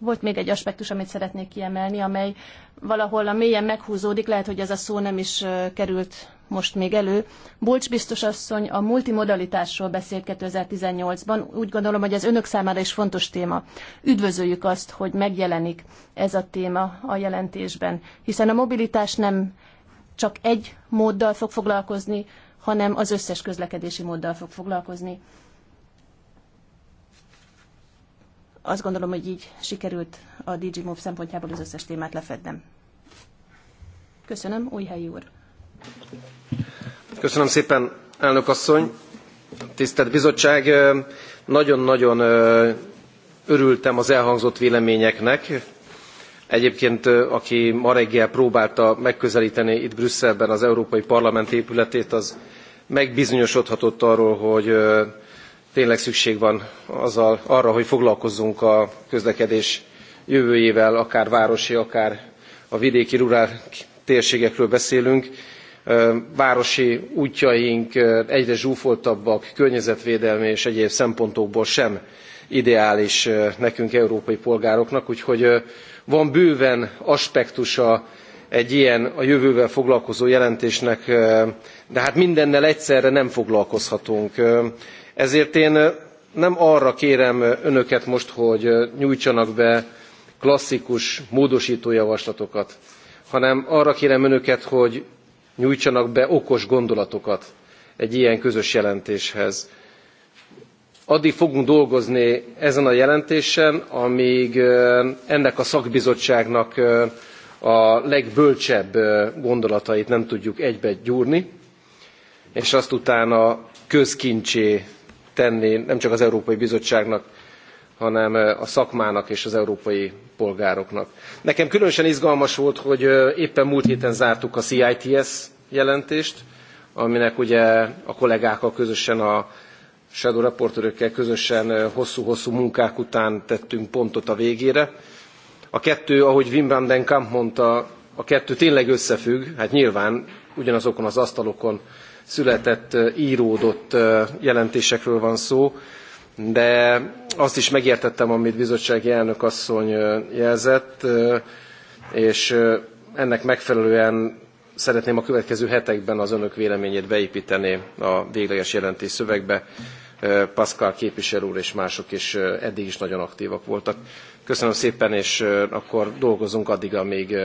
Volt még egy aspektus, amit szeretnék kiemelni, amely valahol a mélyen meghúzódik, lehet, hogy ez a szó nem is került most még elő. Bulcs biztos asszony a multimodalitásról beszélt 2018-ban. Úgy gondolom, hogy ez önök számára is fontos téma. Üdvözöljük azt, hogy megjelenik ez a téma a jelentésben, hiszen a mobilitás nem csak egy móddal fog foglalkozni, hanem az összes közlekedési móddal fog foglalkozni. Azt gondolom, hogy így sikerült a DigiMove szempontjából az összes témát lefednem. Köszönöm, helyi úr. Köszönöm szépen, elnök asszony. Tisztelt bizottság, nagyon-nagyon örültem az elhangzott véleményeknek. Egyébként, aki ma reggel próbálta megközelíteni itt Brüsszelben az Európai Parlament épületét, az megbizonyosodhatott arról, hogy tényleg szükség van azzal, arra, hogy foglalkozzunk a közlekedés jövőjével, akár városi, akár a vidéki rurál térségekről beszélünk. Városi útjaink egyre zsúfoltabbak, környezetvédelmi és egyéb szempontokból sem ideális nekünk európai polgároknak, úgyhogy van bőven aspektusa egy ilyen a jövővel foglalkozó jelentésnek, de hát mindennel egyszerre nem foglalkozhatunk ezért én nem arra kérem önöket most hogy nyújtsanak be klasszikus módostó javaslatokat hanem arra kérem önöket hogy nyújtsanak be okos gondolatokat egy ilyen közös jelentéshez. addig fogunk dolgozni ezen a jelentésen amg ennek a szakbizottságnak a legbölcsebb gondolatait nem tudjuk egybe gyúrni és azt utána közkincsé tenni nem csak az Európai Bizottságnak, hanem eh, a szakmának és az európai polgároknak. Nekem különösen izgalmas volt, hogy eh, éppen múlt héten zártuk a CITS jelentést, aminek ugye a kollégákkal közösen, a shadow raportőrökkel közösen eh, hosszú-hosszú munkák után tettünk pontot a végére. A kettő, ahogy Wim van den Kamp mondta, a kettő tényleg összefügg, hát nyilván ugyanazokon az asztalokon született, íródott jelentésekről van szó, de azt is megértettem, amit bizottsági elnök asszony jelzett, és ennek megfelelően szeretném a következő hetekben az önök véleményét beépíteni a végleges jelentés szövegbe. Pascal képviselő úr és mások is eddig is nagyon aktívak voltak. Köszönöm szépen, és akkor dolgozunk addig, amíg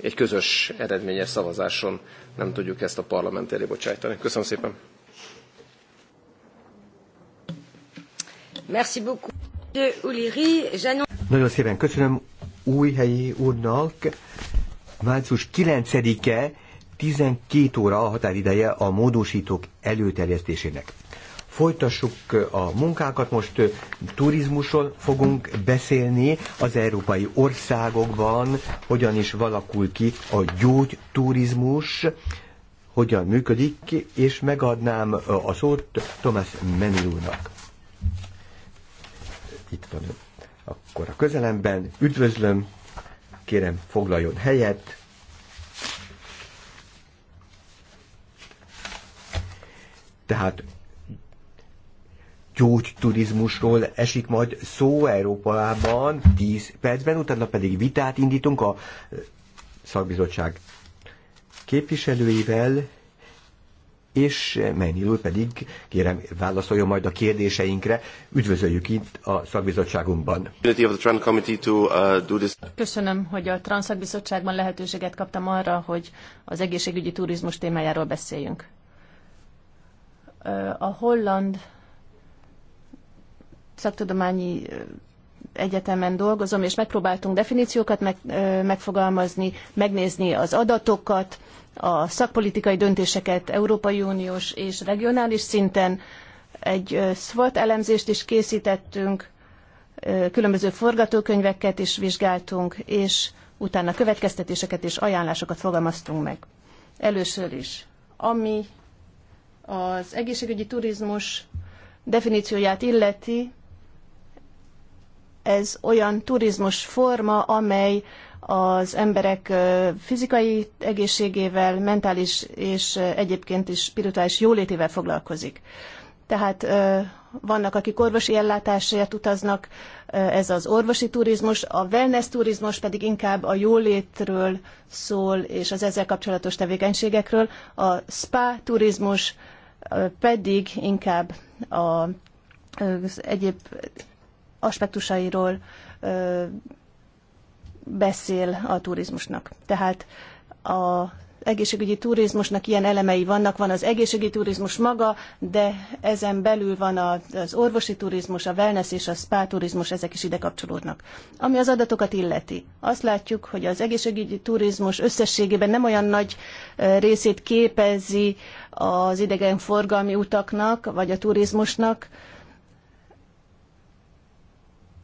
egy közös eredményes szavazáson nem tudjuk ezt a parlament elé bocsájtani. Köszönöm szépen! Merci beaucoup. Nagyon szépen köszönöm helyi úrnak. Március 9-e 12 óra a határideje a módosítók előterjesztésének folytassuk eh, a munkákat. Most eh, turizmusról fogunk beszélni az európai országokban, hogyan is valakul ki a gyógyturizmus, hogyan működik, és megadnám eh, a szót Thomas Menilónak. Itt van Akkor a közelemben üdvözlöm, kérem foglaljon helyet. Tehát gyógyturizmusról esik majd szó Európában 10 percben, utána pedig vitát indítunk a szakbizottság képviselőivel, és Mennyilul pedig kérem válaszoljon majd a kérdéseinkre. Üdvözöljük itt a szakbizottságunkban. Köszönöm, hogy a Transzakbizottságban lehetőséget kaptam arra, hogy az egészségügyi turizmus témájáról beszéljünk. A holland szaktudományi egyetemen dolgozom, és megpróbáltunk definíciókat meg, megfogalmazni, megnézni az adatokat, a szakpolitikai döntéseket Európai Uniós és regionális szinten. Egy SWOT elemzést is készítettünk, különböző forgatókönyveket is vizsgáltunk, és utána következtetéseket és ajánlásokat fogalmaztunk meg. Először is, ami az egészségügyi turizmus definícióját illeti, ez olyan turizmus forma, amely az emberek fizikai egészségével, mentális és egyébként is spirituális jólétével foglalkozik. Tehát vannak, akik orvosi ellátásért utaznak, ez az orvosi turizmus, a wellness turizmus pedig inkább a jólétről szól, és az ezzel kapcsolatos tevékenységekről, a spa turizmus pedig inkább a, az egyéb aspektusairól beszél a turizmusnak. Tehát a egészségügyi turizmusnak ilyen elemei vannak, van az egészségügyi turizmus maga, de ezen belül van az orvosi turizmus, a wellness és a spa turizmus, ezek is ide kapcsolódnak. Ami az adatokat illeti, azt látjuk, hogy az egészségügyi turizmus összességében nem olyan nagy részét képezi az idegenforgalmi utaknak, vagy a turizmusnak,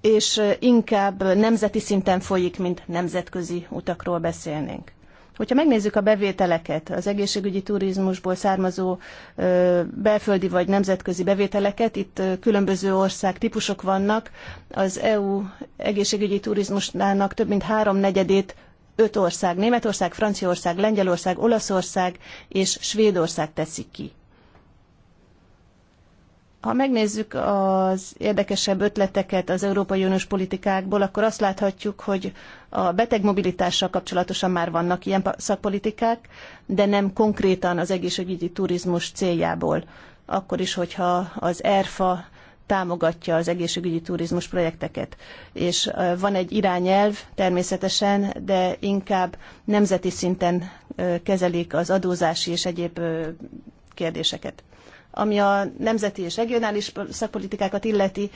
és inkább nemzeti szinten folyik, mint nemzetközi utakról beszélnénk. Hogyha megnézzük a bevételeket, az egészségügyi turizmusból származó belföldi vagy nemzetközi bevételeket, itt különböző ország típusok vannak, az EU egészségügyi turizmusnának több mint negyedét öt ország, Németország, Franciaország, Lengyelország, Olaszország és Svédország teszik ki. Ha megnézzük az érdekesebb ötleteket az Európai Uniós politikákból, akkor azt láthatjuk, hogy a beteg mobilitással kapcsolatosan már vannak ilyen szakpolitikák, de nem konkrétan az egészségügyi turizmus céljából. Akkor is, hogyha az ERFA támogatja az egészségügyi turizmus projekteket. És van egy irányelv természetesen, de inkább nemzeti szinten kezelik az adózási és egyéb kérdéseket ami a nemzeti és regionális szakpolitikákat illeti,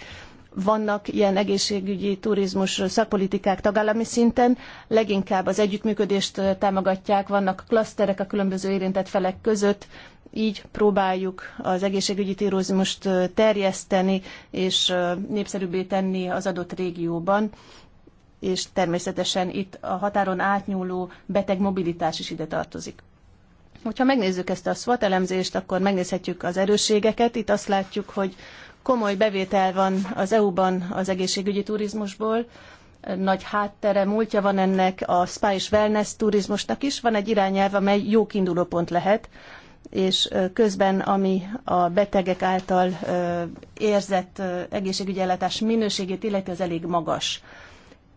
vannak ilyen egészségügyi turizmus szakpolitikák tagállami szinten, leginkább az együttműködést támogatják, vannak klaszterek a különböző érintett felek között, így próbáljuk az egészségügyi turizmust terjeszteni és népszerűbbé tenni az adott régióban, és természetesen itt a határon átnyúló beteg mobilitás is ide tartozik. Hogyha megnézzük ezt a SWOT elemzést, akkor megnézhetjük az erősségeket. Itt azt látjuk, hogy komoly bevétel van az EU-ban az egészségügyi turizmusból, nagy háttere, múltja van ennek a spa és wellness turizmusnak is, van egy irányelv, amely jó pont lehet, és közben, ami a betegek által érzett egészségügyi ellátás minőségét illeti, az elég magas.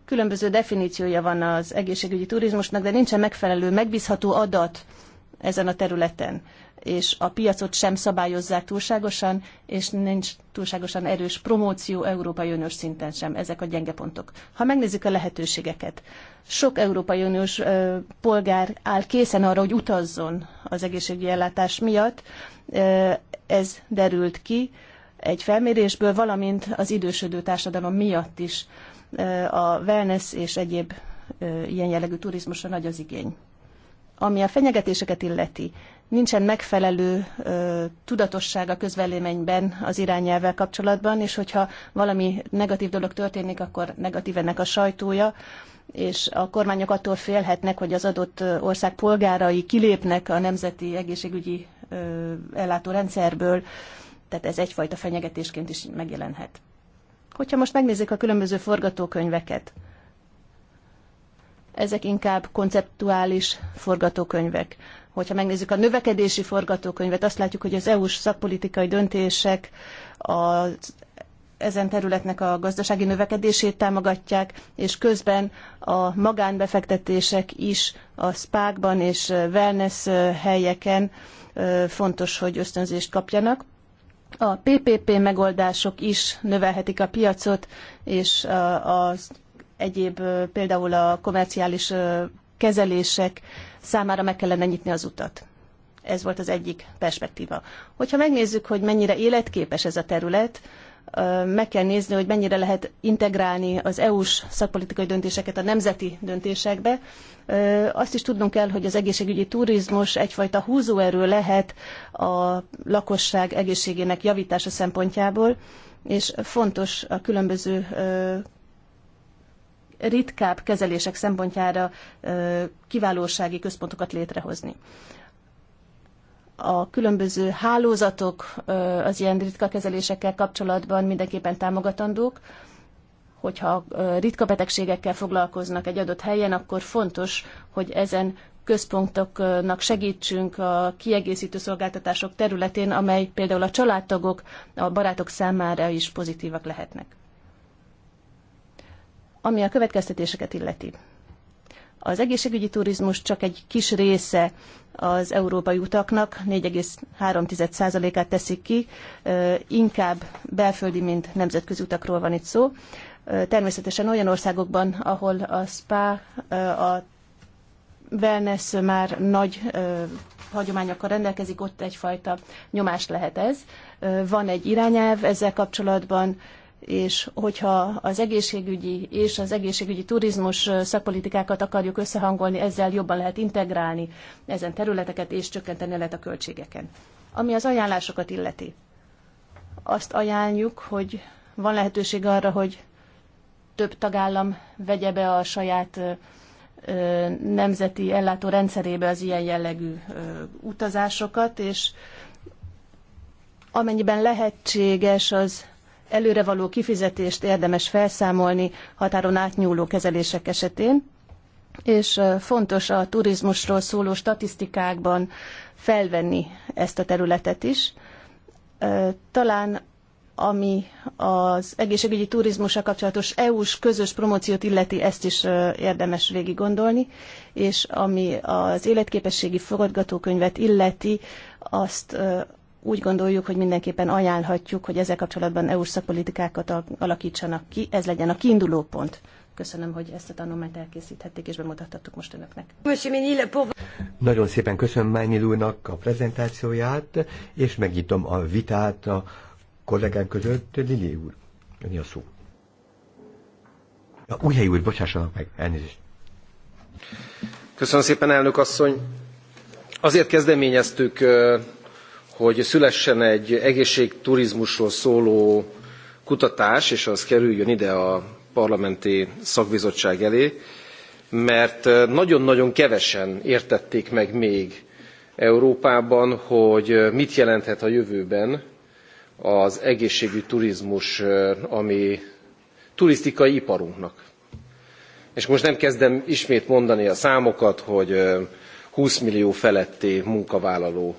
Különböző definíciója van az egészségügyi turizmusnak, de nincsen megfelelő, megbízható adat ezen a területen, és a piacot sem szabályozzák túlságosan, és nincs túlságosan erős promóció Európai Uniós szinten sem. Ezek a gyenge pontok. Ha megnézzük a lehetőségeket, sok Európai Uniós ö, polgár áll készen arra, hogy utazzon az egészségügyi ellátás miatt. Ö, ez derült ki egy felmérésből, valamint az idősödő társadalom miatt is ö, a wellness és egyéb ilyen jellegű turizmusra nagy az igény. Ami a fenyegetéseket illeti, nincsen megfelelő ö, tudatosság a közveleményben az irányelvvel kapcsolatban, és hogyha valami negatív dolog történik, akkor negatív ennek a sajtója, és a kormányok attól félhetnek, hogy az adott ország polgárai kilépnek a nemzeti egészségügyi ö, ellátórendszerből, tehát ez egyfajta fenyegetésként is megjelenhet. Hogyha most megnézzük a különböző forgatókönyveket, ezek inkább konceptuális forgatókönyvek. Hogyha megnézzük a növekedési forgatókönyvet, azt látjuk, hogy az EU-s szakpolitikai döntések az ezen területnek a gazdasági növekedését támogatják, és közben a magánbefektetések is a spákban és wellness helyeken fontos, hogy ösztönzést kapjanak. A PPP megoldások is növelhetik a piacot, és az egyéb például a komerciális kezelések számára meg kellene nyitni az utat. Ez volt az egyik perspektíva. Hogyha megnézzük, hogy mennyire életképes ez a terület, meg kell nézni, hogy mennyire lehet integrálni az EU-s szakpolitikai döntéseket a nemzeti döntésekbe. Azt is tudnunk kell, hogy az egészségügyi turizmus egyfajta húzóerő lehet a lakosság egészségének javítása szempontjából, és fontos a különböző ritkább kezelések szempontjára kiválósági központokat létrehozni. A különböző hálózatok az ilyen ritka kezelésekkel kapcsolatban mindenképpen támogatandók. Hogyha ritka betegségekkel foglalkoznak egy adott helyen, akkor fontos, hogy ezen központoknak segítsünk a kiegészítő szolgáltatások területén, amely például a családtagok, a barátok számára is pozitívak lehetnek. Ami a következtetéseket illeti. Az egészségügyi turizmus csak egy kis része az európai utaknak, 4,3%-át teszik ki, inkább belföldi, mint nemzetközi utakról van itt szó. Természetesen olyan országokban, ahol a spa, a wellness már nagy ö, hagyományokkal rendelkezik, ott egyfajta nyomás lehet ez. Ö, van egy irányelv ezzel kapcsolatban, és hogyha az egészségügyi és az egészségügyi turizmus szakpolitikákat akarjuk összehangolni, ezzel jobban lehet integrálni ezen területeket, és csökkenteni lehet a költségeken. Ami az ajánlásokat illeti, azt ajánljuk, hogy van lehetőség arra, hogy több tagállam vegye be a saját nemzeti ellátó rendszerébe az ilyen jellegű utazásokat, és amennyiben lehetséges az előre való kifizetést érdemes felszámolni határon átnyúló kezelések esetén, és fontos a turizmusról szóló statisztikákban felvenni ezt a területet is. Talán ami az egészségügyi turizmusra kapcsolatos EU-s közös promóciót illeti, ezt is érdemes végig gondolni, és ami az életképességi forgatókönyvet illeti, azt úgy gondoljuk, hogy mindenképpen ajánlhatjuk, hogy ezzel kapcsolatban EU-s szakpolitikákat alakítsanak ki, ez legyen a kiinduló pont. Köszönöm, hogy ezt a tanulmányt elkészíthették és bemutattattuk most önöknek. Nagyon szépen köszönöm Mányi a prezentációját, és megnyitom a vitát a kollégánk között. Lili úr, mi a szó? Ja, Újhely úr, bocsássanak meg, elnézést. Köszönöm szépen, elnök asszony. Azért kezdeményeztük hogy szülessen egy egészségturizmusról szóló kutatás, és az kerüljön ide a parlamenti szakbizottság elé, mert nagyon-nagyon kevesen értették meg még Európában, hogy mit jelenthet a jövőben az egészségügy turizmus, ami turisztikai iparunknak. És most nem kezdem ismét mondani a számokat, hogy 20 millió feletti munkavállaló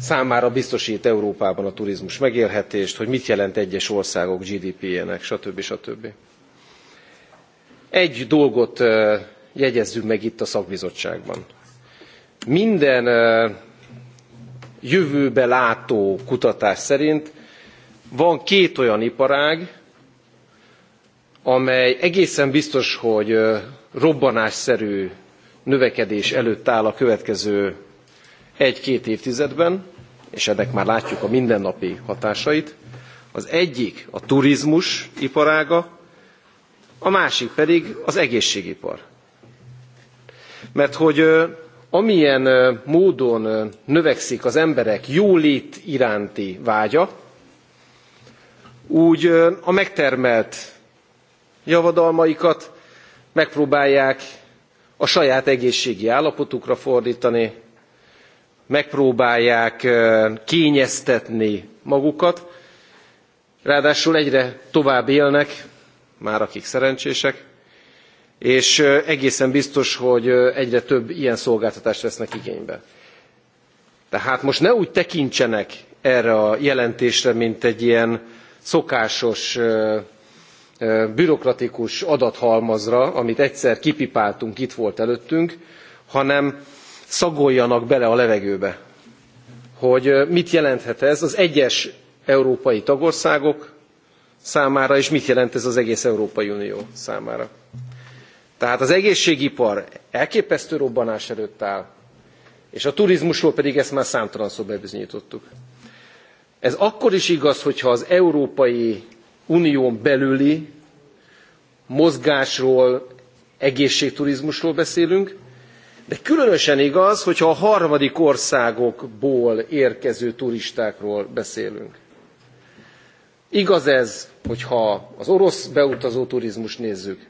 számára biztost európában a turizmus megélhetést hogy mit jelent egyes országok gdp jének stb. stb. egy dolgot jegyezzünk meg itt a szakbizottságban minden jövőbe látó kutatás szerint van két olyan iparág amely egészen biztos hogy robbanásszerű növekedés előtt áll a következő egy-két évtizedben, és ennek már látjuk a mindennapi hatásait, az egyik a turizmus iparága, a másik pedig az egészségipar. Mert hogy amilyen módon növekszik az emberek jólét iránti vágya, úgy a megtermelt javadalmaikat megpróbálják a saját egészségi állapotukra fordítani, megpróbálják kényeztetni magukat. Ráadásul egyre tovább élnek, már akik szerencsések, és egészen biztos, hogy egyre több ilyen szolgáltatást vesznek igénybe. Tehát most ne úgy tekintsenek erre a jelentésre, mint egy ilyen szokásos, bürokratikus adathalmazra, amit egyszer kipipáltunk, itt volt előttünk, hanem szagoljanak bele a levegőbe. Hogy mit jelenthet ez az egyes európai tagországok számára, és mit jelent ez az egész Európai Unió számára. Tehát az egészségipar elképesztő robbanás előtt áll, és a turizmusról pedig ezt már számtalan szó bebizonyítottuk. Ez akkor is igaz, hogyha az Európai Unión belüli mozgásról, egészségturizmusról beszélünk, de különösen igaz, hogyha a harmadik országokból érkező turistákról beszélünk. Igaz ez, hogyha az orosz beutazó turizmus nézzük.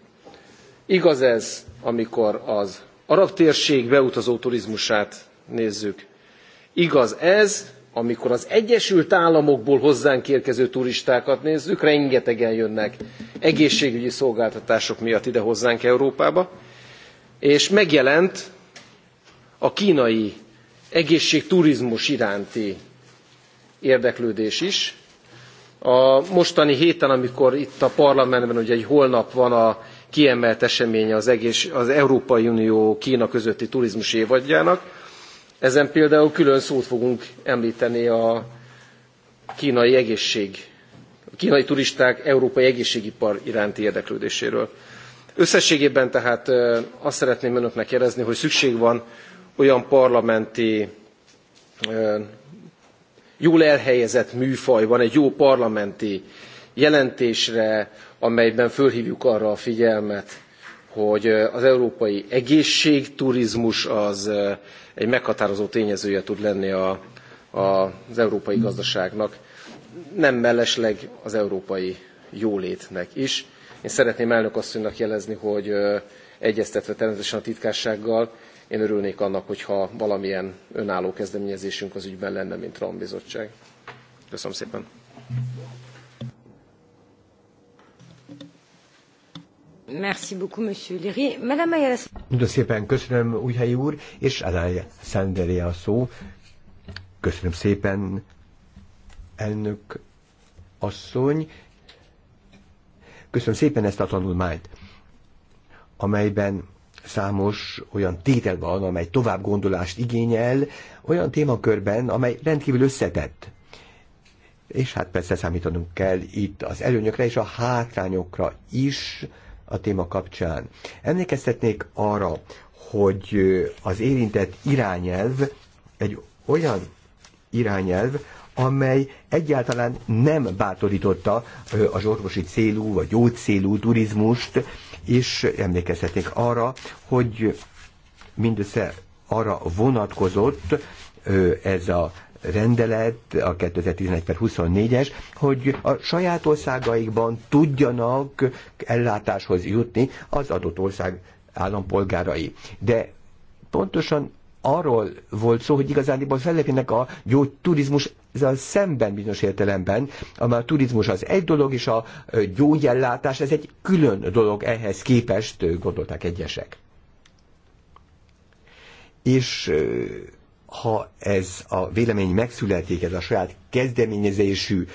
Igaz ez, amikor az arab térség beutazó turizmusát nézzük. Igaz ez, amikor az Egyesült Államokból hozzánk érkező turistákat nézzük, rengetegen jönnek egészségügyi szolgáltatások miatt ide hozzánk Európába, és megjelent a kínai egészségturizmus iránti érdeklődés is. A mostani héten, amikor itt a parlamentben, ugye egy holnap van a kiemelt eseménye az, egész, az Európai Unió Kína közötti turizmus évadjának, ezen például külön szót fogunk említeni a kínai egészség, a kínai turisták európai egészségipar iránti érdeklődéséről. Összességében tehát azt szeretném önöknek jelezni, hogy szükség van olyan parlamenti jól elhelyezett műfaj van egy jó parlamenti jelentésre amelyben fölhvjuk arra a figyelmet hogy az európai egészségturizmus az egy meghatározó tényezője tud lenni a, a, az európai gazdaságnak, nem mellesleg az európai jólétnek is. Én szeretném elnök asszonynak jelezni, hogy egyeztetve természetesen a titkársággal, én örülnék annak, hogyha valamilyen önálló kezdeményezésünk az ügyben lenne, mint RAM bizottság. Köszönöm szépen. Merci beaucoup, monsieur Léry. Madame Ayala... Nagyon szépen köszönöm, Újhelyi úr, és Adály Szenderé a szó. Köszönöm szépen, elnök asszony. Köszönöm szépen ezt a tanulmányt, amelyben számos olyan tétel van, amely tovább gondolást igényel, olyan témakörben, amely rendkívül összetett. És hát persze számítanunk kell itt az előnyökre és a hátrányokra is a téma kapcsán. Emlékeztetnék arra, hogy az érintett irányelv egy olyan irányelv, amely egyáltalán nem bátorította az orvosi célú vagy gyógycélú turizmust, is emlékezhetnék arra, hogy mindössze arra vonatkozott ez a rendelet, a 2011 24-es, hogy a saját országaikban tudjanak ellátáshoz jutni az adott ország állampolgárai. De pontosan arról volt szó, hogy a fellépjenek a gyógyturizmus ezzel szemben bizonyos értelemben, amely a turizmus az egy dolog, és a gyógyellátás ez egy külön dolog ehhez képest, gondolták egyesek. És ha ez a vélemény megszületik, ez a saját kezdeményezésű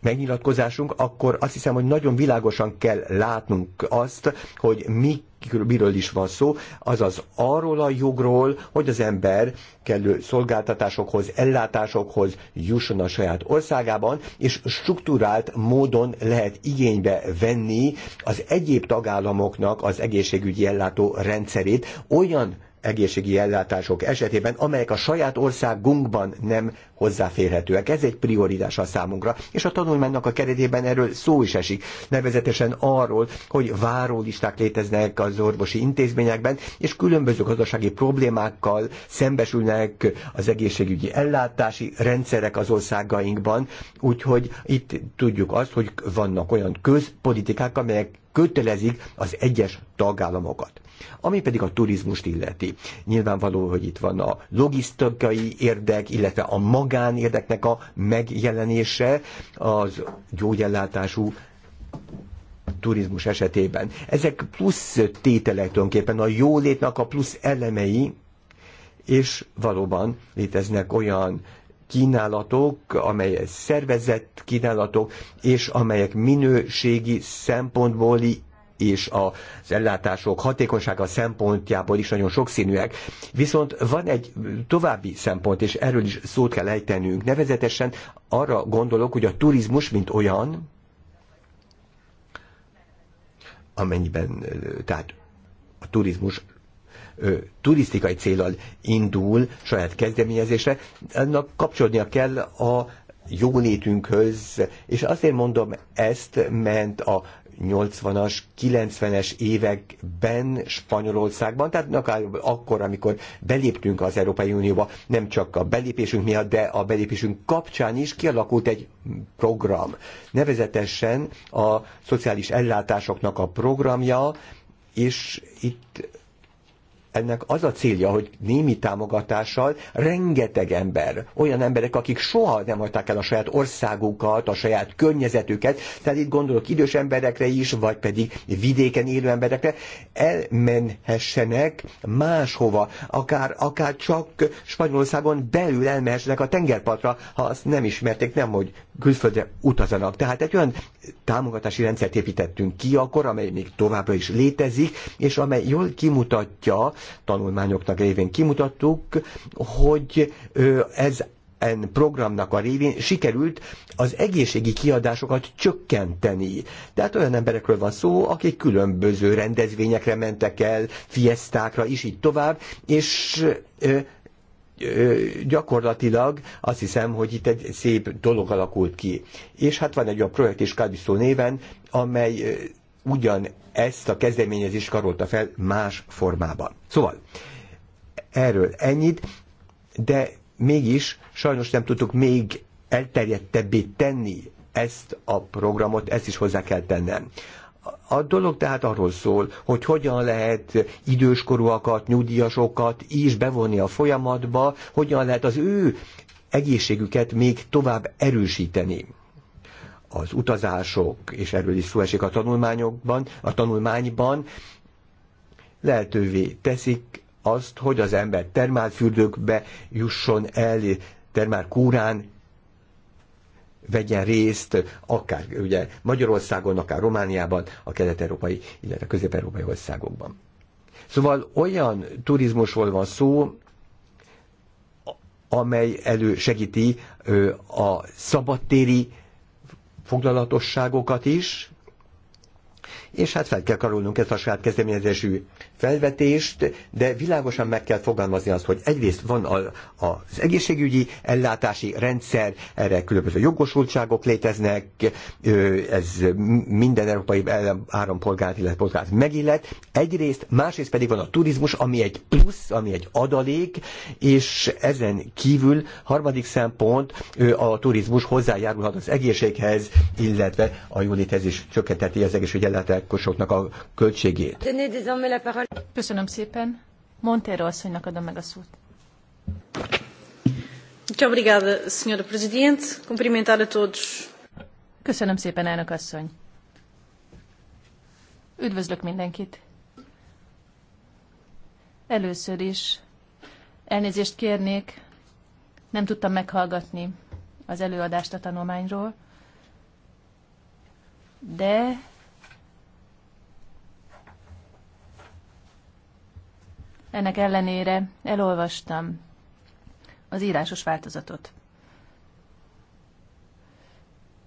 megnyilatkozásunk, akkor azt hiszem, hogy nagyon világosan kell látnunk azt, hogy mik miről is van szó, azaz arról a jogról, hogy az ember kellő szolgáltatásokhoz, ellátásokhoz jusson a saját országában, és struktúrált módon lehet igénybe venni az egyéb tagállamoknak az egészségügyi ellátó rendszerét olyan egészségi ellátások esetében, amelyek a saját országunkban nem hozzáférhetőek. Ez egy prioritás a számunkra, és a tanulmánynak a keretében erről szó is esik, nevezetesen arról, hogy várólisták léteznek az orvosi intézményekben, és különböző gazdasági problémákkal szembesülnek az egészségügyi ellátási rendszerek az országainkban, úgyhogy itt tudjuk azt, hogy vannak olyan közpolitikák, amelyek kötelezik az egyes tagállamokat. Ami pedig a turizmust illeti. Nyilvánvaló, hogy itt van a logisztikai érdek, illetve a magánérdeknek a megjelenése az gyógyellátású turizmus esetében. Ezek plusz tételek tulajdonképpen a jólétnek a plusz elemei, és valóban léteznek olyan kínálatok, amelyek szervezett kínálatok, és amelyek minőségi szempontból és az ellátások hatékonysága szempontjából is nagyon sokszínűek. Viszont van egy további szempont, és erről is szót kell ejtenünk. Nevezetesen arra gondolok, hogy a turizmus, mint olyan, amennyiben, tehát a turizmus turisztikai célal indul saját kezdeményezésre, annak kapcsolnia kell a jólétünkhöz, és azért mondom ezt, mert a 80-as, 90-es években Spanyolországban, tehát akár akkor, amikor beléptünk az Európai Unióba, nem csak a belépésünk miatt, de a belépésünk kapcsán is kialakult egy program. Nevezetesen a szociális ellátásoknak a programja, és itt ennek az a célja, hogy némi támogatással rengeteg ember, olyan emberek, akik soha nem hagyták el a saját országukat, a saját környezetüket, tehát itt gondolok idős emberekre is, vagy pedig vidéken élő emberekre, elmenhessenek máshova, akár, akár csak Spanyolországon belül elmehessenek a tengerpartra, ha azt nem ismerték, nem, hogy külföldre utazanak. Tehát egy olyan támogatási rendszert építettünk ki akkor, amely még továbbra is létezik, és amely jól kimutatja, tanulmányoknak révén kimutattuk, hogy ez en programnak a révén sikerült az egészségi kiadásokat csökkenteni. Tehát olyan emberekről van szó, akik különböző rendezvényekre mentek el, fiesztákra is így tovább, és ö, ö, gyakorlatilag azt hiszem, hogy itt egy szép dolog alakult ki. És hát van egy olyan projekt is Kadiszó néven, amely ugyan ezt a kezdeményezést karolta fel más formában. Szóval erről ennyit, de mégis sajnos nem tudtuk még elterjedtebbé tenni ezt a programot, ezt is hozzá kell tennem. A dolog tehát arról szól, hogy hogyan lehet időskorúakat, nyugdíjasokat is bevonni a folyamatba, hogyan lehet az ő egészségüket még tovább erősíteni az utazások, és erről is szó esik a tanulmányokban, a tanulmányban, lehetővé teszik azt, hogy az ember termálfürdőkbe jusson el, termálkúrán vegyen részt, akár ugye Magyarországon, akár Romániában, a kelet-európai, illetve a közép-európai országokban. Szóval olyan turizmusról van szó, amely elősegíti a szabadtéri foglalatosságokat is, és hát fel kell karolnunk ezt a saját kezdeményezésű felvetést, de világosan meg kell fogalmazni azt, hogy egyrészt van a, az egészségügyi ellátási rendszer, erre különböző jogosultságok léteznek, ez minden európai állampolgárt, illetve polgárt megillet. Egyrészt, másrészt pedig van a turizmus, ami egy plusz, ami egy adalék, és ezen kívül harmadik szempont a turizmus hozzájárulhat az egészséghez, illetve a jólétezés csökkenteti az egészségügyi ellátást lakosoknak a költségét. Köszönöm szépen. Montero asszonynak adom meg a szót. Köszönöm szépen, elnök asszony. Üdvözlök mindenkit. Először is elnézést kérnék, nem tudtam meghallgatni az előadást a tanulmányról, de Ennek ellenére elolvastam az írásos változatot.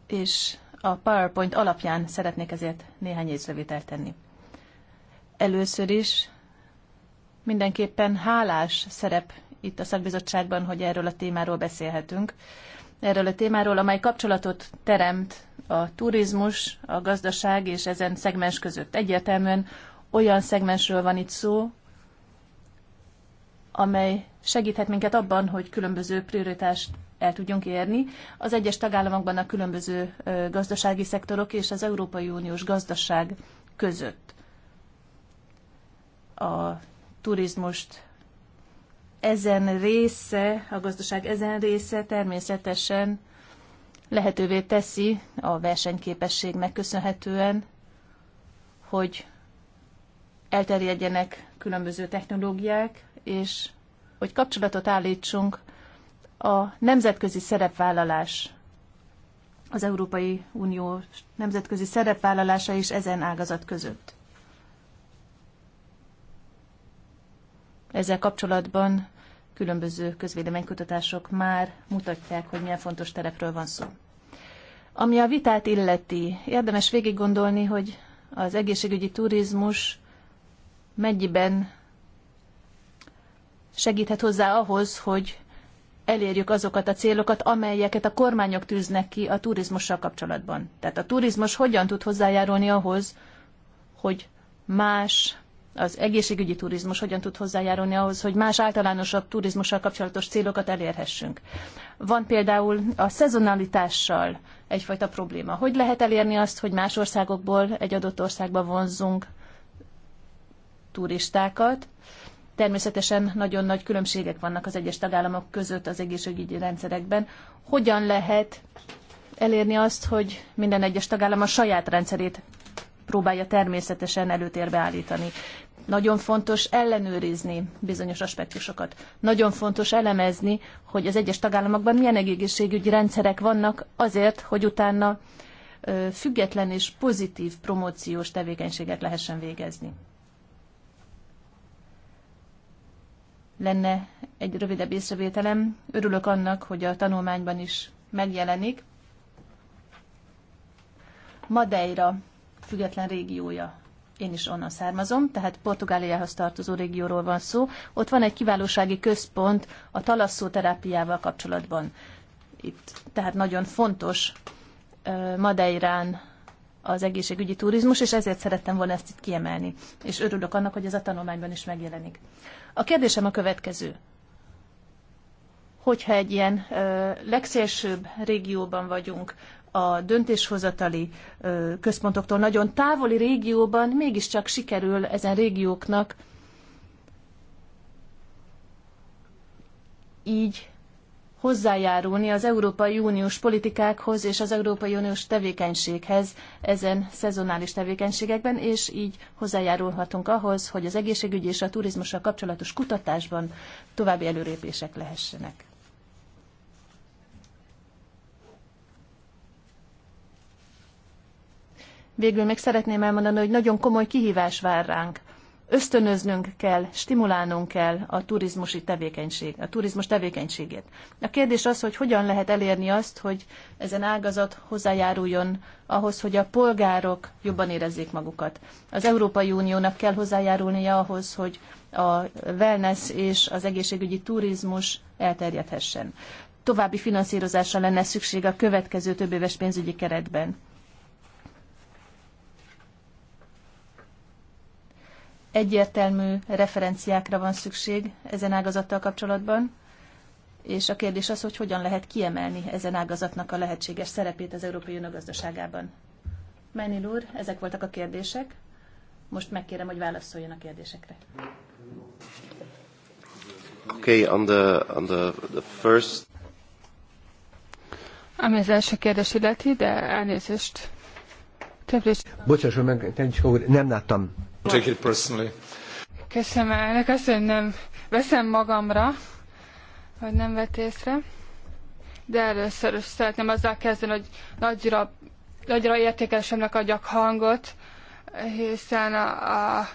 És a PowerPoint alapján szeretnék ezért néhány észrevételt tenni. Először is mindenképpen hálás szerep itt a szakbizottságban, hogy erről a témáról beszélhetünk. Erről a témáról, amely kapcsolatot teremt a turizmus, a gazdaság és ezen szegmens között. Egyértelműen olyan szegmensről van itt szó, amely segíthet minket abban, hogy különböző prioritást el tudjunk érni. Az egyes tagállamokban a különböző gazdasági szektorok és az Európai Uniós gazdaság között a turizmust ezen része, a gazdaság ezen része természetesen lehetővé teszi a versenyképességnek köszönhetően, hogy elterjedjenek különböző technológiák, és hogy kapcsolatot állítsunk a nemzetközi szerepvállalás, az Európai Unió nemzetközi szerepvállalása és ezen ágazat között. Ezzel kapcsolatban különböző közvéleménykutatások már mutatják, hogy milyen fontos terepről van szó. Ami a vitát illeti, érdemes végig gondolni, hogy az egészségügyi turizmus mennyiben segíthet hozzá ahhoz, hogy elérjük azokat a célokat, amelyeket a kormányok tűznek ki a turizmussal kapcsolatban. Tehát a turizmus hogyan tud hozzájárulni ahhoz, hogy más, az egészségügyi turizmus hogyan tud hozzájárulni ahhoz, hogy más általánosabb turizmussal kapcsolatos célokat elérhessünk. Van például a szezonalitással egyfajta probléma. Hogy lehet elérni azt, hogy más országokból egy adott országba vonzunk turistákat? Természetesen nagyon nagy különbségek vannak az egyes tagállamok között az egészségügyi rendszerekben. Hogyan lehet elérni azt, hogy minden egyes tagállam a saját rendszerét próbálja természetesen előtérbe állítani? Nagyon fontos ellenőrizni bizonyos aspektusokat. Nagyon fontos elemezni, hogy az egyes tagállamokban milyen egészségügyi rendszerek vannak azért, hogy utána független és pozitív promóciós tevékenységet lehessen végezni. lenne egy rövidebb észrevételem. Örülök annak, hogy a tanulmányban is megjelenik. Madeira független régiója. Én is onnan származom, tehát Portugáliához tartozó régióról van szó. Ott van egy kiválósági központ a talasszóterápiával kapcsolatban. Itt tehát nagyon fontos Madeirán az egészségügyi turizmus, és ezért szerettem volna ezt itt kiemelni. És örülök annak, hogy ez a tanulmányban is megjelenik. A kérdésem a következő. Hogyha egy ilyen ö, legszélsőbb régióban vagyunk, a döntéshozatali ö, központoktól nagyon távoli régióban mégiscsak sikerül ezen régióknak így hozzájárulni az Európai Uniós politikákhoz és az Európai Uniós tevékenységhez ezen szezonális tevékenységekben, és így hozzájárulhatunk ahhoz, hogy az egészségügyi és a turizmussal kapcsolatos kutatásban további előrépések lehessenek. Végül még szeretném elmondani, hogy nagyon komoly kihívás vár ránk ösztönöznünk kell, stimulálnunk kell a turizmusi tevékenység, a turizmus tevékenységét. A kérdés az, hogy hogyan lehet elérni azt, hogy ezen ágazat hozzájáruljon ahhoz, hogy a polgárok jobban érezzék magukat. Az Európai Uniónak kell hozzájárulnia ahhoz, hogy a wellness és az egészségügyi turizmus elterjedhessen. További finanszírozásra lenne szükség a következő többéves pénzügyi keretben egyértelmű referenciákra van szükség ezen ágazattal kapcsolatban, és a kérdés az, hogy hogyan lehet kiemelni ezen ágazatnak a lehetséges szerepét az Európai Unió gazdaságában. Menil úr, ezek voltak a kérdések. Most megkérem, hogy válaszoljon a kérdésekre. Okay, on the, on the, the first... Ami az első kérdés illeti, de elnézést. Bocsásom, meg, nem láttam Take it personally. Köszönöm elnök, azt, hogy nem veszem magamra, hogy nem vett észre. De először is szeretném azzal kezdeni, hogy nagyra, nagyra értékesemnek adjak hangot, hiszen a, a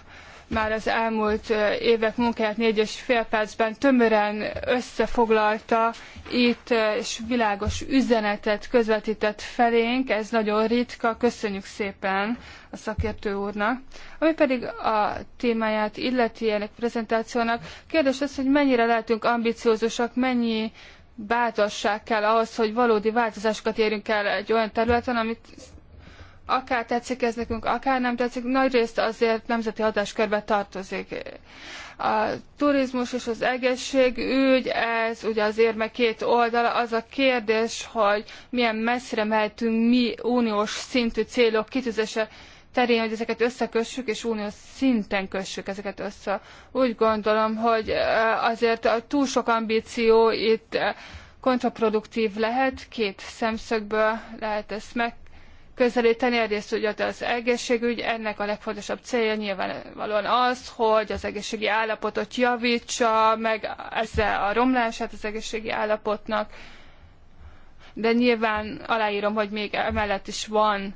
már az elmúlt évek munkáját négy és fél percben tömören összefoglalta itt, és világos üzenetet közvetített felénk, ez nagyon ritka, köszönjük szépen a szakértő úrnak. Ami pedig a témáját illeti ennek prezentációnak, kérdés az, hogy mennyire lehetünk ambiciózusak, mennyi bátorság kell ahhoz, hogy valódi változásokat érjünk el egy olyan területen, amit akár tetszik ez nekünk, akár nem tetszik, nagy részt azért nemzeti hatáskörbe tartozik. A turizmus és az egészségügy, ez ugye az érme két oldala, az a kérdés, hogy milyen messzire mehetünk mi uniós szintű célok kitűzése terén, hogy ezeket összekössük, és uniós szinten kössük ezeket össze. Úgy gondolom, hogy eh, azért túl sok ambíció itt eh, kontraproduktív lehet, két szemszögből lehet ezt meg közelíteni. Egyrészt ugye az egészségügy, ennek a legfontosabb célja nyilvánvalóan az, hogy az egészségi állapotot javítsa, meg ezzel a romlását az egészségi állapotnak. De nyilván aláírom, hogy még emellett is van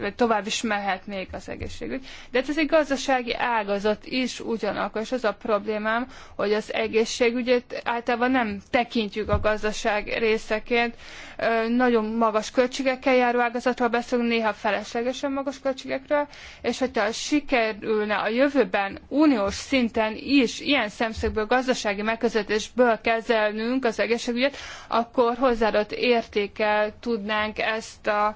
vagy tovább is mehet még az egészségügy. De hát ez egy gazdasági ágazat is ugyanakkor, és az a problémám, hogy az egészségügyet általában nem tekintjük a gazdaság részeként. Nagyon magas költségekkel járó ágazatról beszélünk, néha feleslegesen magas költségekről, és hogyha sikerülne a jövőben uniós szinten is ilyen szemszögből gazdasági megközelítésből kezelnünk az egészségügyet, akkor hozzáadott értékkel tudnánk ezt a,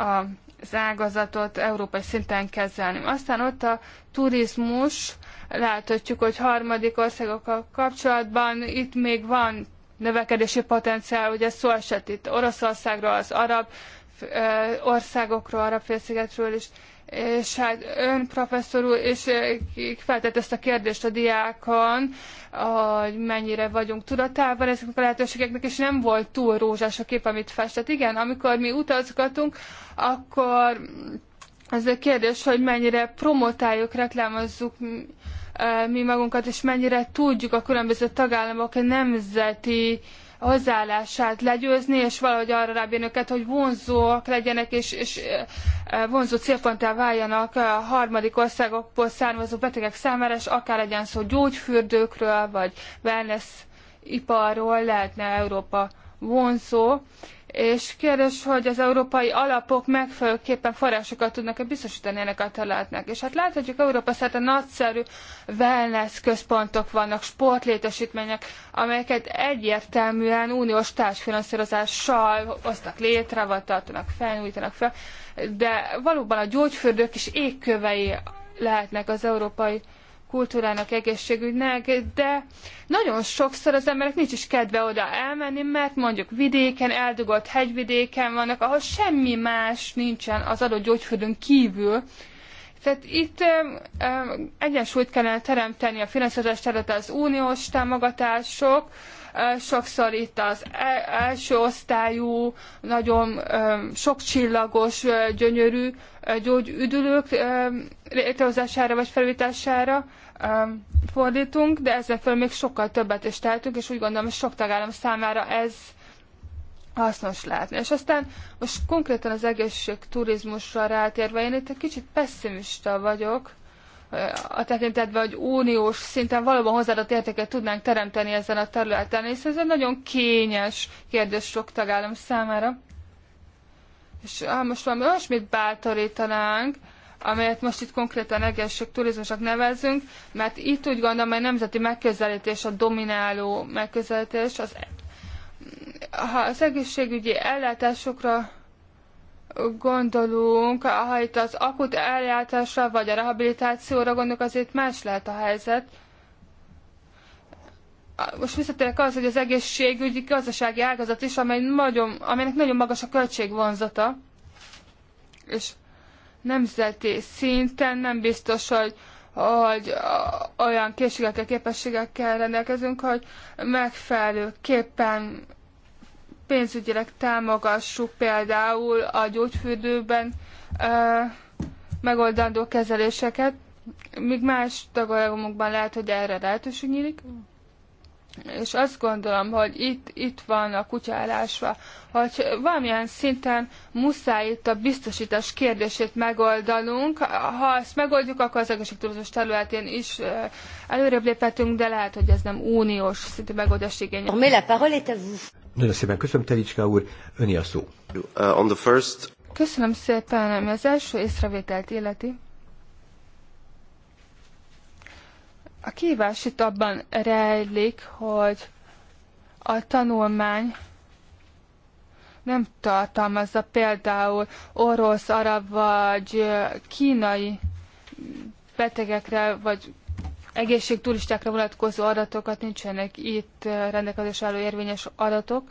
a az ágazatot európai szinten kezelni. Aztán ott a turizmus, láthatjuk, hogy harmadik országokkal kapcsolatban itt még van növekedési potenciál, ugye szó esett itt Oroszországról, az arab országokról, arab félszigetről is, és hát ön professzor úr és eh, feltett ezt a kérdést a diákon, hogy mennyire vagyunk tudatában ezeknek a lehetőségeknek, és nem volt túl rózsás a kép, amit festett. Igen, amikor mi utazgatunk, akkor az a kérdés, hogy mennyire promotáljuk, reklámozzuk eh, mi magunkat, és mennyire tudjuk a különböző tagállamok nemzeti uh, hozzáállását legyőzni, és valahogy arra rábírni őket, hogy vonzóak legyenek, és, és vonzó célponttá váljanak a harmadik országokból származó betegek számára, és akár legyen szó gyógyfürdőkről, vagy wellness iparról lehetne Európa vonzó, és kérdés, hogy az európai alapok megfelelőképpen forrásokat tudnak-e biztosítani ennek a területnek. És hát láthatjuk, Európa szerte nagyszerű wellness központok vannak, sportlétesítmények, amelyeket egyértelműen uniós társfinanszírozással hoztak létre, vagy tartanak fel, újítanak fel, de valóban a gyógyfürdők is égkövei lehetnek az európai kultúrának, egészségügynek, de nagyon sokszor az emberek nincs is kedve oda elmenni, mert mondjuk vidéken, eldugott hegyvidéken vannak, ahol semmi más nincsen az adott gyógyföldön kívül, tehát itt um, egyensúlyt kellene teremteni a finanszírozás terület, az uniós támogatások, sokszor itt az e-, első osztályú, nagyon sokcsillagos, gyönyörű gyógyüdülők létrehozására vagy felújítására fordítunk, de ezzel föl még sokkal többet is tehetünk, és úgy gondolom, hogy sok tagállam számára ez hasznos látni. És aztán most konkrétan az egészségturizmusra rátérve, én itt egy kicsit pessimista vagyok, a tekintetben, hogy uniós szinten valóban hozzáadott értéket tudnánk teremteni ezen a területen, és ez egy nagyon kényes kérdés sok tagállam számára. És ha most valami olyasmit bátorítanánk, amelyet most itt konkrétan egészség turizmusnak nevezünk, mert itt úgy gondolom, hogy nemzeti megközelítés a domináló megközelítés, az, ha az egészségügyi ellátásokra gondolunk, ha itt az akut eljártásra vagy a rehabilitációra gondolunk, azért más lehet a helyzet. Most visszatérek az, hogy az egészségügyi gazdasági ágazat is, amely nagyon, amelynek nagyon magas a költségvonzata, és nemzeti szinten nem biztos, hogy, hogy olyan készségekkel, képességekkel rendelkezünk, hogy megfelelőképpen pénzügyileg támogassuk például a gyógyfürdőben ö, megoldandó kezeléseket, míg más tagállamokban lehet, hogy erre lehetőség nyílik és azt gondolom, hogy itt, itt van a kutya hogy valamilyen szinten muszáj itt a biztosítás kérdését megoldanunk. Ha ezt megoldjuk, akkor az egészségtudatos területén is előrébb léphetünk, de lehet, hogy ez nem uniós szintű megoldás igény. Nagyon szépen köszönöm, Telicska úr, öni a szó. Uh, köszönöm szépen, ami az első észrevételt illeti A kívás itt abban rejlik, hogy a tanulmány nem tartalmazza például orosz, arab vagy kínai betegekre, vagy egészségturistákra vonatkozó adatokat, nincsenek itt rendelkezés álló érvényes adatok.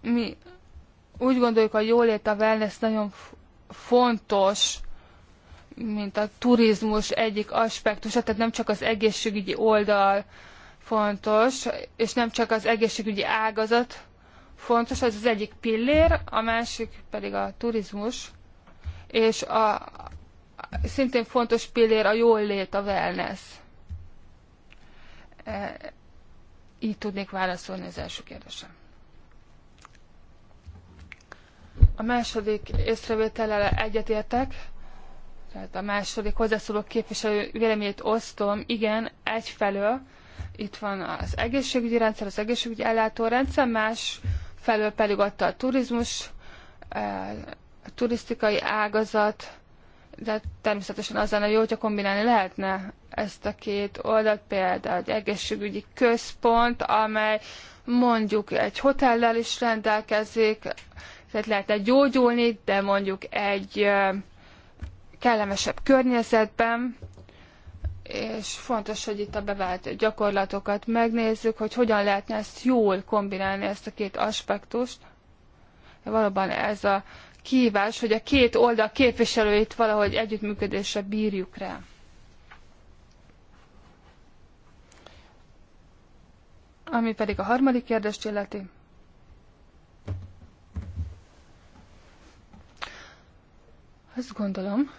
Mi úgy gondoljuk, a jólét, a wellness nagyon fontos mint a turizmus egyik aspektusa, tehát nem csak az egészségügyi oldal fontos, és nem csak az egészségügyi ágazat fontos, az az egyik pillér, a másik pedig a turizmus, és a szintén fontos pillér a jól lét, a wellness. E, így tudnék válaszolni az első kérdésem. A második észrevétellel egyetértek tehát a második hozzászóló képviselő véleményét osztom, igen, egyfelől itt van az egészségügyi rendszer, az egészségügyi ellátórendszer, más felől pedig ott a turizmus, eh, a turisztikai ágazat, de természetesen az lenne jó, hogyha kombinálni lehetne ezt a két oldalt, például egy egészségügyi központ, amely mondjuk egy hotellel is rendelkezik, tehát lehetne gyógyulni, de mondjuk egy eh, kellemesebb környezetben, és fontos, hogy itt a bevált gyakorlatokat megnézzük, hogy hogyan lehetne ezt jól kombinálni, ezt a két aspektust. Valóban ez a kívás, hogy a két oldal képviselőit valahogy együttműködésre bírjuk rá. Ami pedig a harmadik kérdést illeti. Azt gondolom,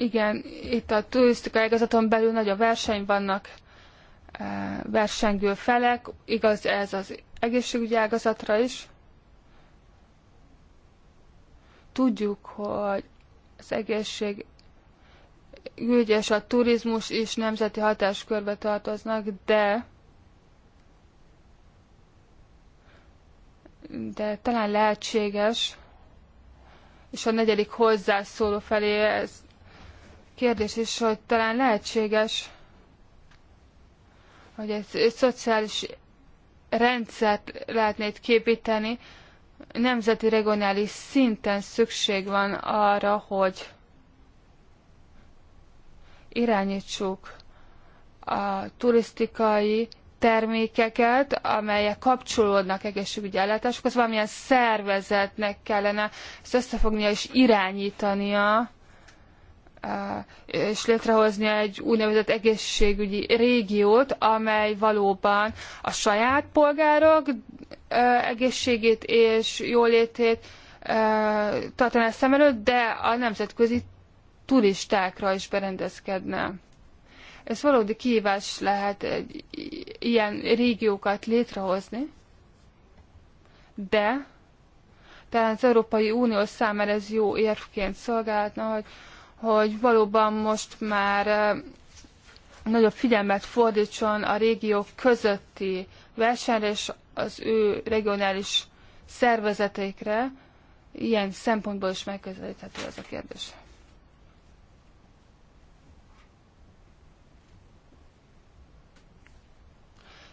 Igen, itt a turisztikai ágazaton belül nagy a verseny, vannak eh, versengő felek, igaz ez az egészségügyi ágazatra is. Tudjuk, hogy az egészség és a turizmus is nemzeti hatáskörbe tartoznak, de de talán lehetséges, és a negyedik hozzászóló felé ez kérdés is, hogy talán lehetséges, hogy egy, egy szociális rendszert lehetne itt képíteni. Nemzeti regionális szinten szükség van arra, hogy irányítsuk a turisztikai termékeket, amelyek kapcsolódnak egészségügyi ellátásokhoz, valamilyen szervezetnek kellene ezt összefognia és irányítania és létrehozni egy úgynevezett egészségügyi régiót, amely valóban a saját polgárok egészségét és jólétét tartaná szem előtt, de a nemzetközi turistákra is berendezkedne. Ez valódi kihívás lehet egy ilyen régiókat létrehozni, de talán az Európai Unió számára ez jó érvként szolgálna, hogy hogy valóban most már nagyobb figyelmet fordítson a régiók közötti versenyre és az ő regionális szervezetekre, Ilyen szempontból is megközelíthető ez a kérdés.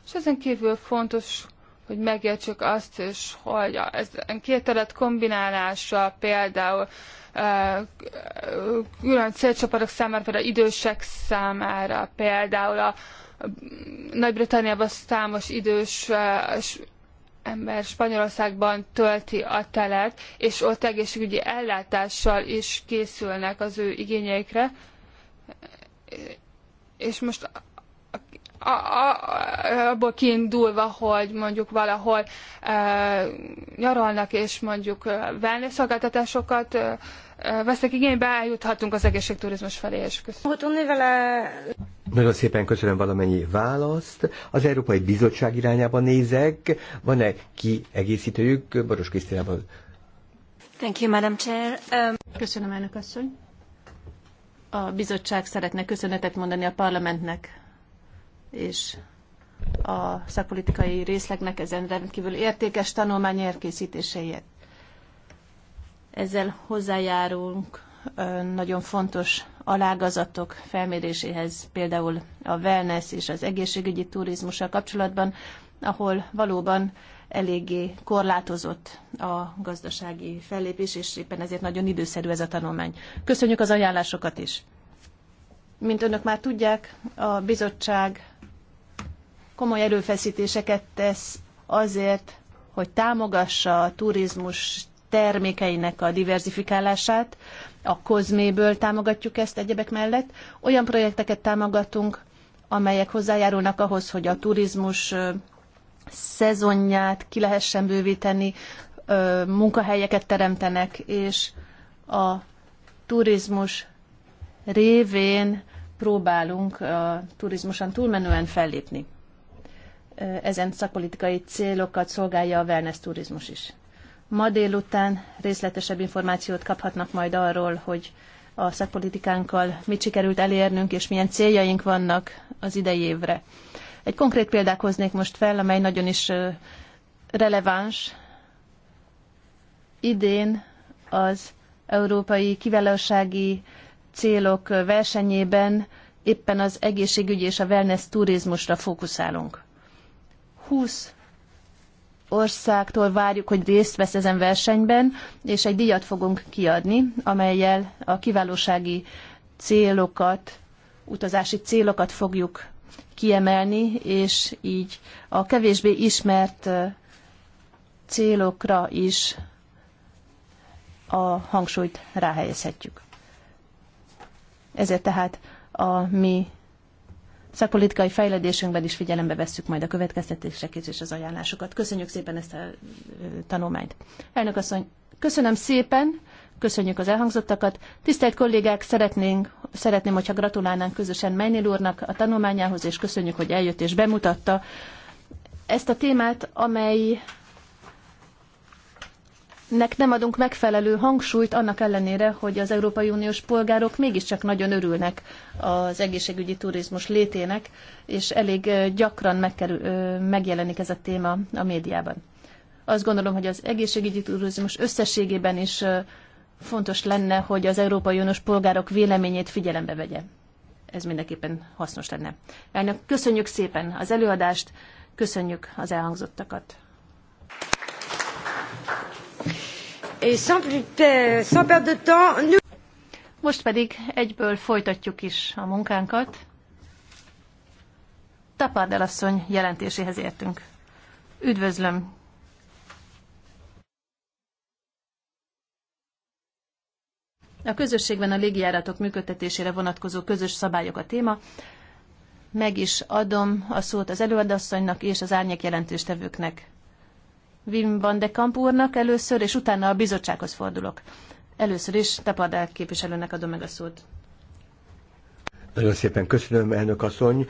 És ezen kívül fontos hogy megértsük azt is, hogy ez két adat kombinálása például e, külön célcsoportok számára, például idősek számára, például a Nagy-Britanniában számos idős e, ember Spanyolországban tölti a telet, és ott egészségügyi ellátással is készülnek az ő igényeikre. És most a, a, abból kiindulva, hogy mondjuk valahol e, nyaralnak, és mondjuk wellness szolgáltatásokat e, e, e igénybe, eljuthatunk az egészségturizmus felé, és köszönöm. Nagyon szépen köszönöm valamennyi választ. Az Európai Bizottság irányába nézek. Van-e kiegészítőjük? Baros Krisztinával. Thank you, Madam Chair. Um... Köszönöm, elnök asszony. A bizottság szeretne köszönetet mondani a parlamentnek és a szakpolitikai részlegnek ezen rendkívül értékes tanulmány elkészítéséért. Ezzel hozzájárulunk nagyon fontos alágazatok felméréséhez, például a wellness és az egészségügyi turizmussal kapcsolatban, ahol valóban eléggé korlátozott a gazdasági fellépés, és éppen ezért nagyon időszerű ez a tanulmány. Köszönjük az ajánlásokat is! Mint önök már tudják, a bizottság komoly erőfeszítéseket tesz azért, hogy támogassa a turizmus termékeinek a diversifikálását, a kozméből támogatjuk ezt egyebek mellett. Olyan projekteket támogatunk, amelyek hozzájárulnak ahhoz, hogy a turizmus szezonját ki lehessen bővíteni, munkahelyeket teremtenek, és a turizmus révén próbálunk a turizmuson túlmenően fellépni ezen szakpolitikai célokat szolgálja a wellness turizmus is. Ma délután részletesebb információt kaphatnak majd arról, hogy a szakpolitikánkkal mit sikerült elérnünk, és milyen céljaink vannak az idei évre. Egy konkrét példát hoznék most fel, amely nagyon is releváns. Idén az európai kiválósági célok versenyében éppen az egészségügy és a wellness turizmusra fókuszálunk. 20 országtól várjuk, hogy részt vesz ezen versenyben, és egy díjat fogunk kiadni, amelyel a kiválósági célokat, utazási célokat fogjuk kiemelni, és így a kevésbé ismert célokra is a hangsúlyt ráhelyezhetjük. Ezért tehát a mi szakpolitikai fejlődésünkben is figyelembe vesszük majd a következtetéseket és az ajánlásokat. Köszönjük szépen ezt a tanulmányt. Elnök asszony, köszönöm szépen, köszönjük az elhangzottakat. Tisztelt kollégák, szeretnénk, szeretném, hogyha gratulálnánk közösen Mejnél úrnak a tanulmányához, és köszönjük, hogy eljött és bemutatta ezt a témát, amely nek nem adunk megfelelő hangsúlyt annak ellenére, hogy az Európai Uniós polgárok mégiscsak nagyon örülnek az egészségügyi turizmus létének, és elég gyakran megkerül, megjelenik ez a téma a médiában. Azt gondolom, hogy az egészségügyi turizmus összességében is fontos lenne, hogy az Európai Uniós polgárok véleményét figyelembe vegye. Ez mindenképpen hasznos lenne. Elnök, köszönjük szépen az előadást, köszönjük az elhangzottakat. sans, plus, sans perdre de temps, nous... Most pedig egyből folytatjuk is a munkánkat. Tapárdel asszony jelentéséhez értünk. Üdvözlöm! A közösségben a légijáratok működtetésére vonatkozó közös szabályok a téma. Meg is adom a szót az előadasszonynak és az árnyék jelentéstevőknek. Wim van de Kamp úrnak először, és utána a bizottsághoz fordulok. Először is Tapadál képviselőnek adom meg a szót. Nagyon szépen köszönöm, elnök asszony.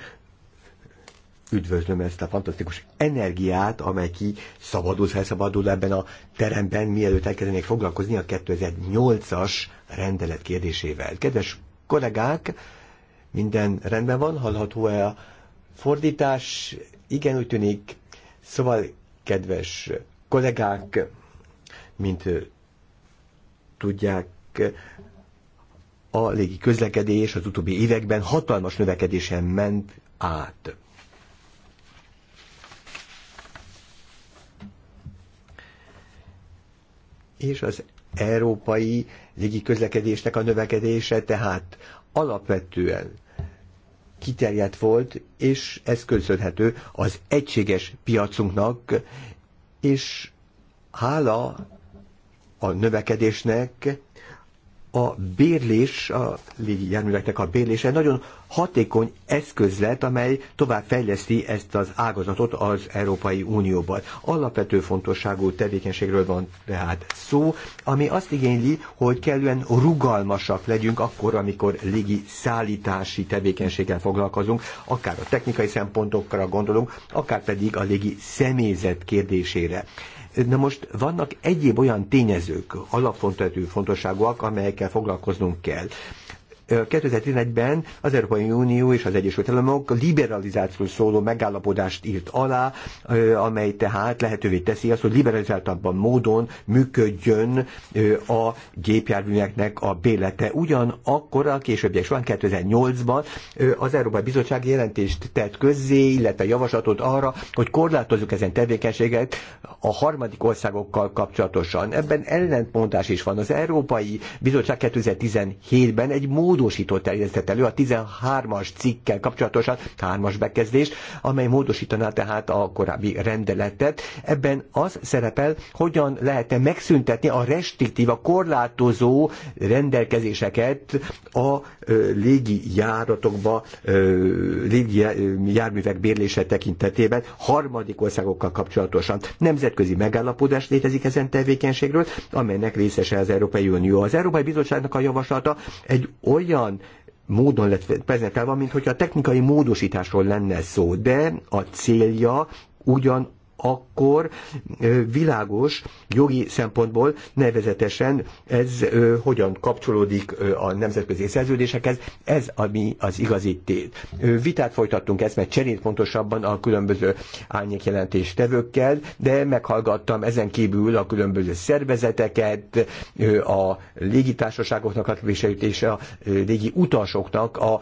Üdvözlöm ezt a fantasztikus energiát, amely ki szabadul, felszabadul ebben a teremben, mielőtt elkezdenék foglalkozni a 2008-as rendelet kérdésével. Kedves kollégák, minden rendben van? Hallható-e a fordítás? Igen, úgy tűnik. Szóval kedves kollégák, mint tudják, a légi közlekedés az utóbbi években hatalmas növekedésen ment át. És az európai légi közlekedésnek a növekedése tehát alapvetően kiterjedt volt, és ez köszönhető az egységes piacunknak, és hála a növekedésnek a bérlés, a járműveknek a bérlése nagyon hatékony eszköz lett, amely tovább fejleszti ezt az ágazatot az Európai Unióban. Alapvető fontosságú tevékenységről van tehát szó, ami azt igényli, hogy kellően rugalmasak legyünk akkor, amikor légi szállítási tevékenységgel foglalkozunk, akár a technikai szempontokra gondolunk, akár pedig a légi személyzet kérdésére. Na most vannak egyéb olyan tényezők, alapfontosságúak, amelyekkel foglalkoznunk kell. 2011-ben az Európai Unió és az Egyesült Államok liberalizációról szóló megállapodást írt alá, amely tehát lehetővé teszi azt, hogy liberalizáltabban módon működjön a gépjárműveknek a bélete. Ugyanakkor a későbbiek során 2008-ban az Európai Bizottság jelentést tett közzé, illetve javaslatot arra, hogy korlátozzuk ezen tevékenységet a harmadik országokkal kapcsolatosan. Ebben ellentmondás is van. Az Európai Bizottság 2017-ben egy módon módosító terjesztett elő a 13-as cikkkel kapcsolatosan, 3-as bekezdést, amely módosítaná tehát a korábbi rendeletet. Ebben az szerepel, hogyan lehetne megszüntetni a restriktív, a korlátozó rendelkezéseket a légi járatokba, légi járművek bérlése tekintetében harmadik országokkal kapcsolatosan. Nemzetközi megállapodás létezik ezen tevékenységről, amelynek részese az Európai Unió. Az Európai Bizottságnak a javaslata egy olyan olyan módon lett prezentálva, mint hogy a technikai módosításról lenne szó, de a célja ugyan akkor világos jogi szempontból nevezetesen ez hogyan kapcsolódik a nemzetközi szerződésekhez, ez ami az igazi tét. Vitát folytattunk ezt, mert cserét pontosabban a különböző árnyékjelentés tevőkkel, de meghallgattam ezen kívül a különböző szervezeteket, a légitársaságoknak a és a légi utasoknak a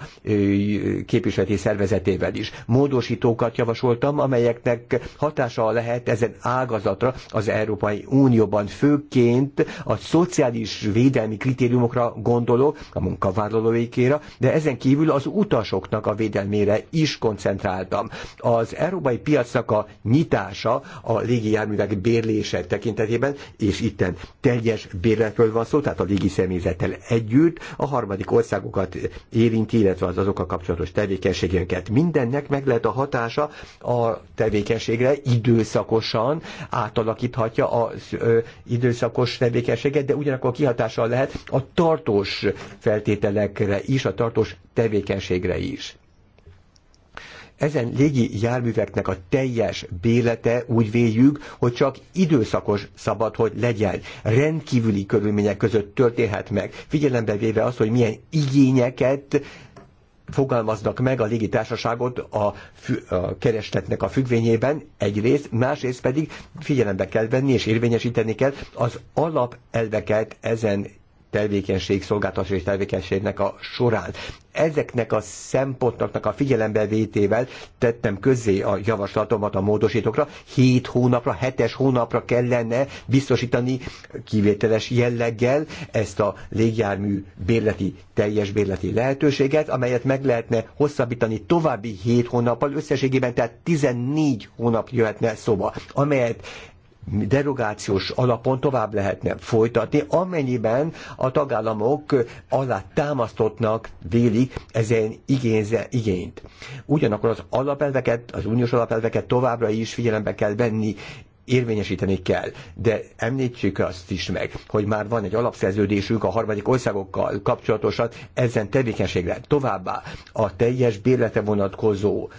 képviseleti szervezetével is. Módosítókat javasoltam, amelyeknek hatása hatása lehet ezen ágazatra az Európai Unióban, főként a szociális védelmi kritériumokra gondolok, a munkavállalóikére, de ezen kívül az utasoknak a védelmére is koncentráltam. Az európai piacnak a nyitása a légijárművek bérlése tekintetében, és itten teljes bérletről van szó, tehát a légi személyzettel együtt a harmadik országokat érinti, illetve az azokkal kapcsolatos tevékenységünket. Mindennek meg lehet a hatása a tevékenységre idő időszakosan átalakíthatja az időszakos tevékenységet, de ugyanakkor kihatással lehet a tartós feltételekre is, a tartós tevékenységre is. Ezen légi járműveknek a teljes bélete úgy véljük, hogy csak időszakos szabad, hogy legyen. Rendkívüli körülmények között történhet meg, figyelembe véve azt, hogy milyen igényeket fogalmaznak meg a légitársaságot a, a keresletnek a függvényében egyrészt, másrészt pedig figyelembe kell venni és érvényesíteni kell az alapelveket ezen tevékenység, szolgáltatási tevékenységnek a során. Ezeknek a szempontoknak a vétével tettem közzé a javaslatomat a módosítókra, 7 hónapra, 7 hónapra kellene biztosítani kivételes jelleggel ezt a légjármű bérleti, teljes bérleti lehetőséget, amelyet meg lehetne hosszabbítani további 7 hónappal, összességében tehát 14 hónap jöhetne szóba, amelyet derogációs alapon tovább lehetne folytatni, amennyiben a tagállamok alá támasztottnak vélik ezen igényze, igényt. Ugyanakkor az alapelveket, az uniós alapelveket továbbra is figyelembe kell venni, érvényesíteni kell. De említsük azt is meg, hogy már van egy alapszerződésünk a harmadik országokkal kapcsolatosan ezen tevékenységre. Továbbá a teljes bérlete vonatkozó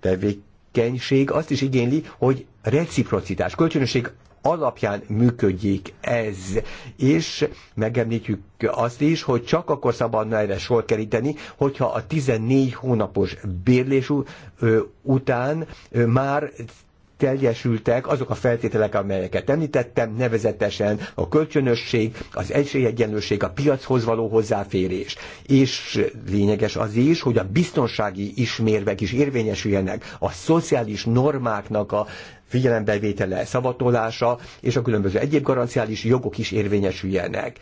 tevékenység tevékenység azt is igényli, hogy reciprocitás, kölcsönösség alapján működjék ez. És megemlítjük azt is, hogy csak akkor szabadna erre sor keríteni, hogyha a 14 hónapos bérlés után már teljesültek azok a feltételek, amelyeket említettem, nevezetesen a kölcsönösség, az egységegyenlőség, a piachoz való hozzáférés. És lényeges az is, hogy a biztonsági ismérvek is érvényesüljenek, a szociális normáknak a figyelembevétele, szavatolása és a különböző egyéb garanciális jogok is érvényesüljenek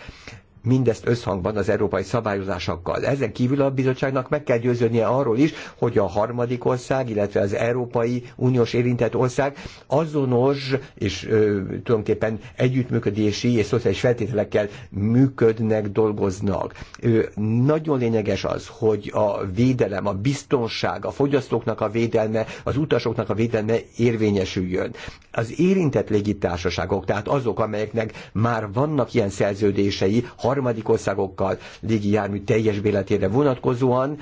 mindezt összhangban az európai szabályozásokkal. Ezen kívül a bizottságnak meg kell győződnie arról is, hogy a harmadik ország, illetve az Európai Uniós érintett ország azonos és ö, tulajdonképpen együttműködési és szociális feltételekkel működnek, dolgoznak. Ö, nagyon lényeges az, hogy a védelem, a biztonság, a fogyasztóknak a védelme, az utasoknak a védelme érvényesüljön. Az érintett légitársaságok, tehát azok, amelyeknek már vannak ilyen szerződései, harmadik országokkal légi jármű teljes béletére vonatkozóan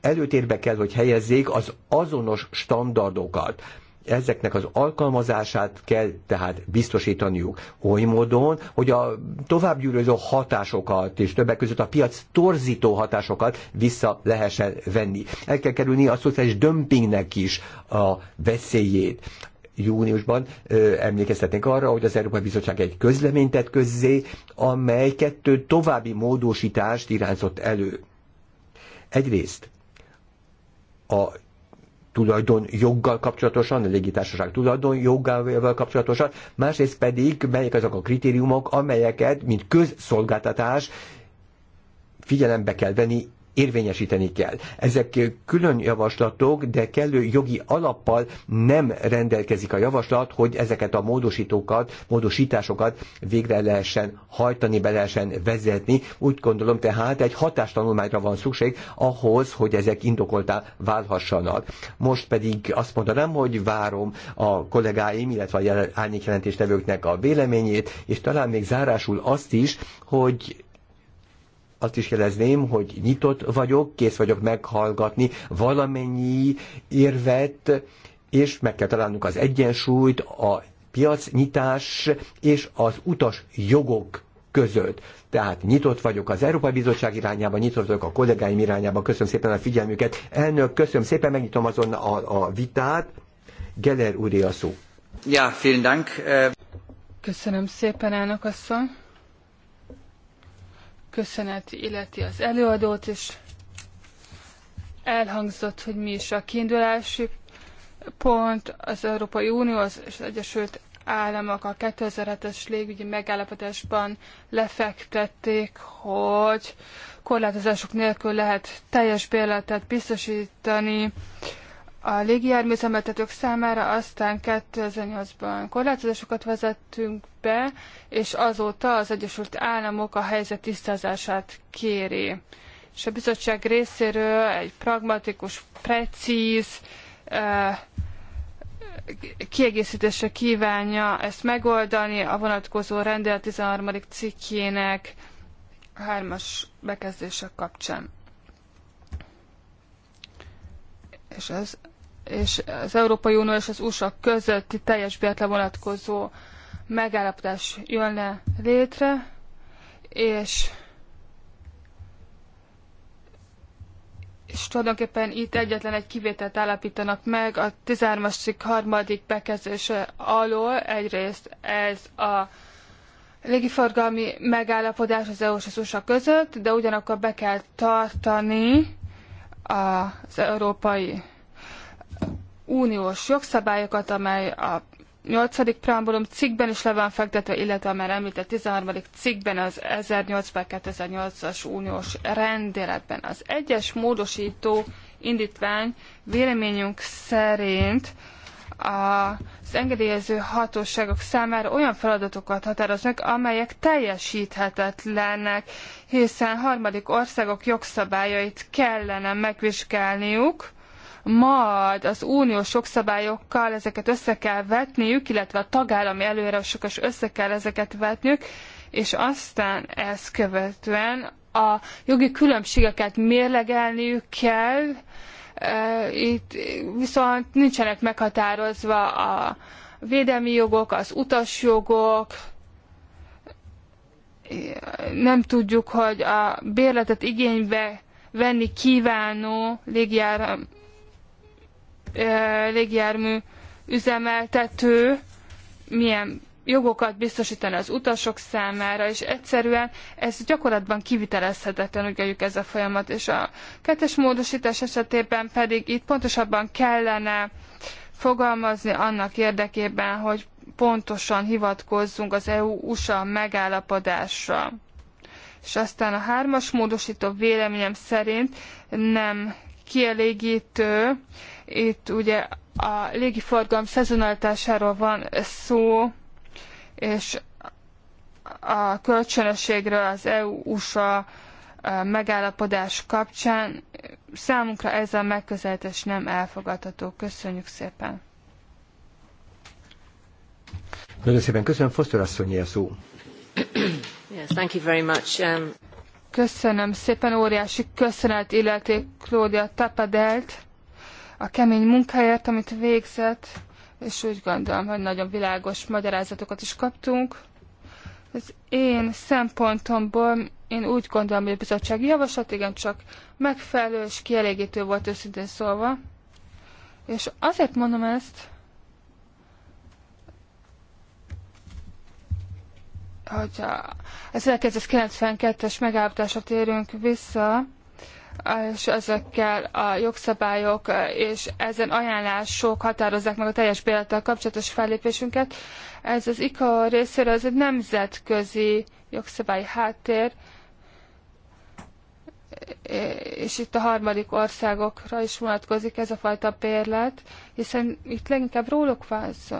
előtérbe kell, hogy helyezzék az azonos standardokat ezeknek az alkalmazását kell tehát biztosítaniuk oly módon, hogy a továbbgyűröző hatásokat és többek között a piac torzító hatásokat vissza lehessen venni. El kell kerülni a szociális dömpingnek is a veszélyét júniusban emlékeztetnénk arra, hogy az Európai Bizottság egy közleményt tett közzé, amely kettő további módosítást irányzott elő. Egyrészt a tulajdon joggal kapcsolatosan, a légitársaság tulajdon joggal kapcsolatosan, másrészt pedig melyek azok a kritériumok, amelyeket, mint közszolgáltatás figyelembe kell venni érvényesíteni kell. Ezek külön javaslatok, de kellő jogi alappal nem rendelkezik a javaslat, hogy ezeket a módosítókat, módosításokat végre lehessen hajtani, be lehessen vezetni. Úgy gondolom tehát egy hatástanulmányra van szükség ahhoz, hogy ezek indokoltá válhassanak. Most pedig azt mondanám, hogy várom a kollégáim, illetve a jel- árnyékjelentéstevőknek a véleményét, és talán még zárásul azt is, hogy azt is jelezném, hogy nyitott vagyok, kész vagyok meghallgatni valamennyi érvet, és meg kell találnunk az egyensúlyt a piacnyitás és az utas jogok között. Tehát nyitott vagyok az Európai Bizottság irányába, nyitott vagyok a kollégáim irányába. Köszönöm szépen a figyelmüket. Elnök, köszönöm szépen, megnyitom azon a, a vitát. Geller úr, a szó. Ja, vielen Dank. Köszönöm szépen, elnök asszony köszönet illeti az előadót, és elhangzott, hogy mi is a kiindulási pont az Európai Unió és az Egyesült Államok a 2007-es légügyi megállapodásban lefektették, hogy korlátozások nélkül lehet teljes bérletet biztosítani a légijárműzemeltetők számára, aztán 2008-ban korlátozásokat vezettünk be, és azóta az Egyesült Államok a helyzet tisztázását kéri. És a bizottság részéről egy pragmatikus, precíz, kiegészítésre kívánja ezt megoldani a vonatkozó rendelet 13. cikkének hármas bekezdése kapcsán. És ez és az Európai Unió és az USA közötti teljes bérletre vonatkozó megállapodás jönne létre, és és tulajdonképpen itt egyetlen egy kivételt állapítanak meg a 13-as cikk harmadik bekezdése alól. Egyrészt ez a légiforgalmi megállapodás az EU és az USA között, de ugyanakkor be kell tartani az európai uniós jogszabályokat, amely a 8. preambulum cikkben is le van fektetve, illetve már említett 13. cikkben az 1008-2008-as uniós rendeletben. Az egyes módosító indítvány véleményünk szerint az engedélyező hatóságok számára olyan feladatokat határoz meg, amelyek teljesíthetetlenek, hiszen harmadik országok jogszabályait kellene megvizsgálniuk, majd az uniós jogszabályokkal ezeket össze kell vetniük, illetve a tagállami is össze kell ezeket vetniük, és aztán ezt követően a jogi különbségeket mérlegelniük kell, itt viszont nincsenek meghatározva a védelmi jogok, az utasjogok, nem tudjuk, hogy a bérletet igénybe venni kívánó légijára, légjármű üzemeltető milyen jogokat biztosítani az utasok számára, és egyszerűen ez gyakorlatban kivitelezhetetlen, ugyanjuk ez a folyamat, és a kettes módosítás esetében pedig itt pontosabban kellene fogalmazni annak érdekében, hogy pontosan hivatkozzunk az EU-USA megállapodásra. És aztán a hármas módosító véleményem szerint nem kielégítő, itt ugye a légiforgalom szezonalitásáról van szó, és a kölcsönösségről az EU-USA megállapodás kapcsán. Számunkra ez a megközelítés nem elfogadható. Köszönjük szépen! Nagyon szépen köszönöm, Foster asszony, a szó. Yes, thank you very much. Um... Köszönöm szépen, óriási köszönet illeték Claudia Tapadelt a kemény munkáért, amit végzett, és úgy gondolom, hogy nagyon világos magyarázatokat is kaptunk. Az én szempontomból én úgy gondolom, hogy a bizottsági javaslat igencsak megfelelő és kielégítő volt őszintén szólva. És azért mondom ezt, hogy a 1992-es megállapodásra térünk vissza, és ezekkel a jogszabályok és ezen ajánlások határozzák meg a teljes bélettel kapcsolatos fellépésünket. Ez az ICAO részéről az egy nemzetközi jogszabályi háttér, és itt a harmadik országokra is vonatkozik ez a fajta bérlet, hiszen itt leginkább róluk van szó.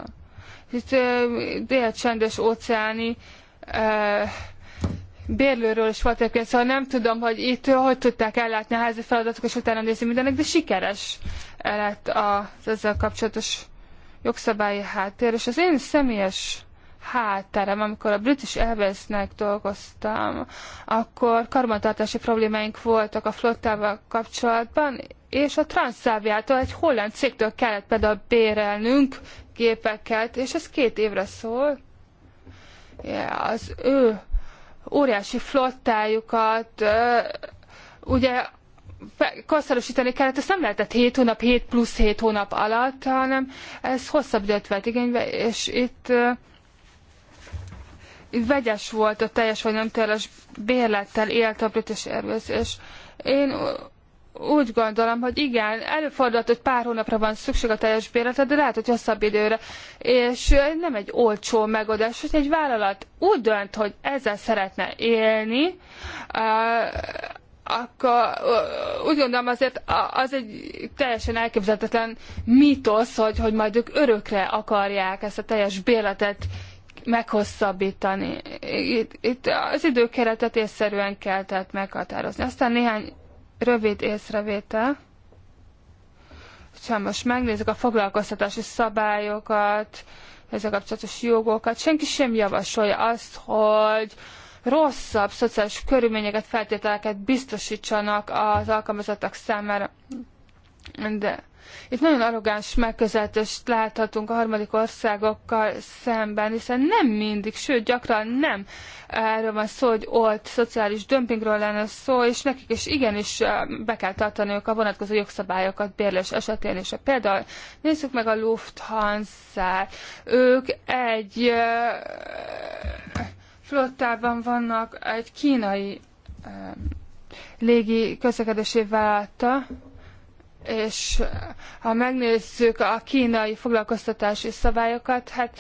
Itt dél-csendes óceáni bérlőről is volt egyébként, szóval nem tudom, hogy itt hogy tudták ellátni a házi feladatokat, és utána nézni mindennek, de sikeres lett az ezzel kapcsolatos jogszabályi háttér, és az én személyes hátterem, amikor a British Airways-nek dolgoztam, akkor karbantartási problémáink voltak a flottával kapcsolatban, és a Transzáviától egy holland cégtől kellett például bérelnünk gépeket, és ez két évre szól. Ja, az ő óriási flottájukat, ugye korszerűsíteni kellett, ezt nem lehetett 7 hónap, 7 plusz 7 hónap alatt, hanem ez hosszabb időt vett igénybe, és itt, itt vegyes volt a teljes vagy nem teljes bérlettel élt a British Airways, és én úgy gondolom, hogy igen, előfordulhat, hogy pár hónapra van szükség a teljes bérletre, de lehet, hogy hosszabb időre. És nem egy olcsó megoldás, hogy egy vállalat úgy dönt, hogy ezzel szeretne élni, akkor úgy gondolom azért az egy teljesen elképzelhetetlen mitosz, hogy, hogy majd ők örökre akarják ezt a teljes bérletet meghosszabbítani. Itt, itt az időkeretet észszerűen kell tehát meghatározni. Aztán néhány rövid észrevétel. Ha szóval most megnézzük a foglalkoztatási szabályokat, ezzel kapcsolatos jogokat, senki sem javasolja azt, hogy rosszabb szociális körülményeket, feltételeket biztosítsanak az alkalmazottak számára. De itt nagyon arrogáns megközelítést láthatunk a harmadik országokkal szemben, hiszen nem mindig, sőt gyakran nem erről van szó, hogy ott szociális dömpingről lenne szó, és nekik is igenis be kell tartaniuk a vonatkozó jogszabályokat bérlés esetén is. Például nézzük meg a Lufthansa-t. Ők egy flottában vannak egy kínai légi közlekedési vállalata, és ha megnézzük a kínai foglalkoztatási szabályokat, hát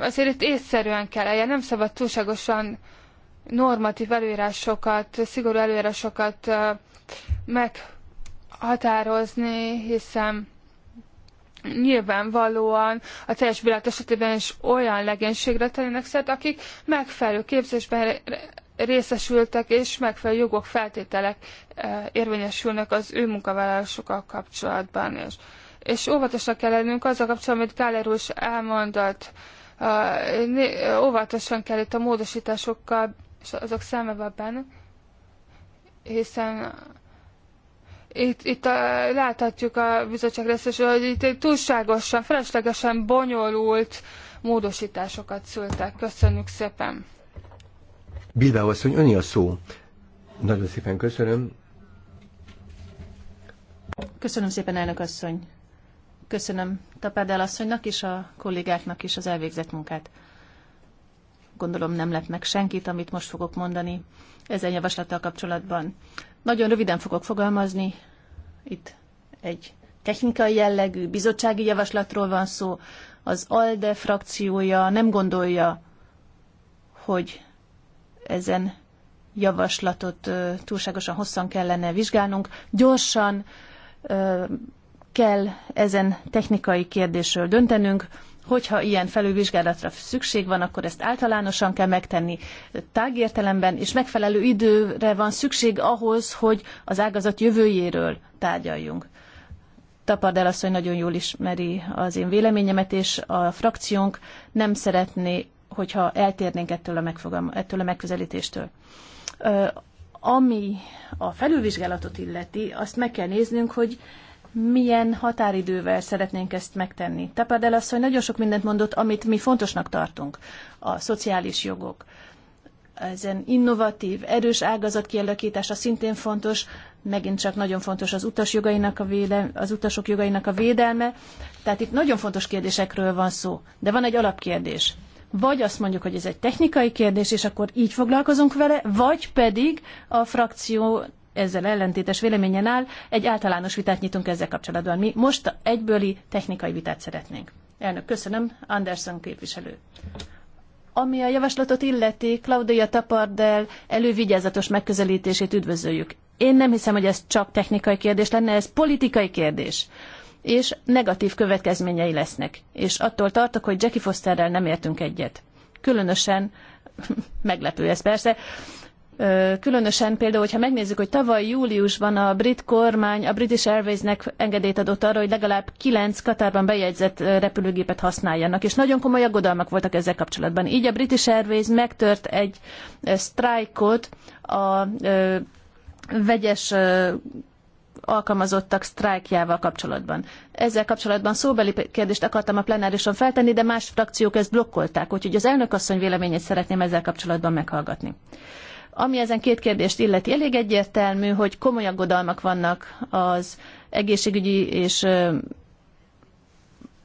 azért itt észszerűen kell eljárni, nem szabad túlságosan normatív előírásokat, szigorú előírásokat meghatározni, hiszen nyilvánvalóan a teljes világ esetében is olyan legénységre tennének szert, akik megfelelő képzésben részesültek, és megfelelő jogok, feltételek eh, érvényesülnek az ő munkavállalásukkal kapcsolatban. És, és óvatosnak kell lennünk azzal kapcsolatban, amit Káler úr is elmondott, óvatosan kell itt a módosításokkal, és azok van benne, hiszen itt, itt a, láthatjuk a bizottság részéről, hogy itt túlságosan, feleslegesen bonyolult módosításokat szültek. Köszönjük szépen! Bilbao asszony, öni a szó. Nagyon szépen köszönöm. Köszönöm szépen, elnök asszony. Köszönöm Tapádál asszonynak és a kollégáknak is az elvégzett munkát. Gondolom nem lett meg senkit, amit most fogok mondani ezen javaslattal kapcsolatban. Nagyon röviden fogok fogalmazni. Itt egy technikai jellegű bizottsági javaslatról van szó. Az ALDE frakciója nem gondolja, hogy ezen javaslatot túlságosan hosszan kellene vizsgálnunk. Gyorsan kell ezen technikai kérdésről döntenünk, hogyha ilyen felülvizsgálatra szükség van, akkor ezt általánosan kell megtenni tágértelemben, és megfelelő időre van szükség ahhoz, hogy az ágazat jövőjéről tárgyaljunk. Tapardel asszony nagyon jól ismeri az én véleményemet, és a frakciónk nem szeretné hogyha eltérnénk ettől a, megfogam, ettől a megközelítéstől. Ami a felülvizsgálatot illeti, azt meg kell néznünk, hogy milyen határidővel szeretnénk ezt megtenni. Tapadel asszony nagyon sok mindent mondott, amit mi fontosnak tartunk. A szociális jogok, ezen innovatív, erős ágazat kialakítása szintén fontos, megint csak nagyon fontos az, utas jogainak a védelme, az utasok jogainak a védelme. Tehát itt nagyon fontos kérdésekről van szó, de van egy alapkérdés. Vagy azt mondjuk, hogy ez egy technikai kérdés, és akkor így foglalkozunk vele, vagy pedig a frakció ezzel ellentétes véleményen áll, egy általános vitát nyitunk ezzel kapcsolatban. Mi most egybőli technikai vitát szeretnénk. Elnök, köszönöm, Anderson képviselő. Ami a javaslatot illeti, Claudia Tapardel elővigyázatos megközelítését üdvözöljük. Én nem hiszem, hogy ez csak technikai kérdés lenne, ez politikai kérdés és negatív következményei lesznek. És attól tartok, hogy Jackie Fosterrel nem értünk egyet. Különösen, meglepő ez persze, Különösen például, hogyha megnézzük, hogy tavaly júliusban a brit kormány a British Airwaysnek engedélyt adott arra, hogy legalább kilenc Katárban bejegyzett repülőgépet használjanak, és nagyon komoly aggodalmak voltak ezzel kapcsolatban. Így a British Airways megtört egy sztrájkot a vegyes alkalmazottak sztrájkjával kapcsolatban. Ezzel kapcsolatban szóbeli kérdést akartam a plenárison feltenni, de más frakciók ezt blokkolták, úgyhogy az elnök asszony véleményét szeretném ezzel kapcsolatban meghallgatni. Ami ezen két kérdést illeti, elég egyértelmű, hogy komoly aggodalmak vannak az egészségügyi és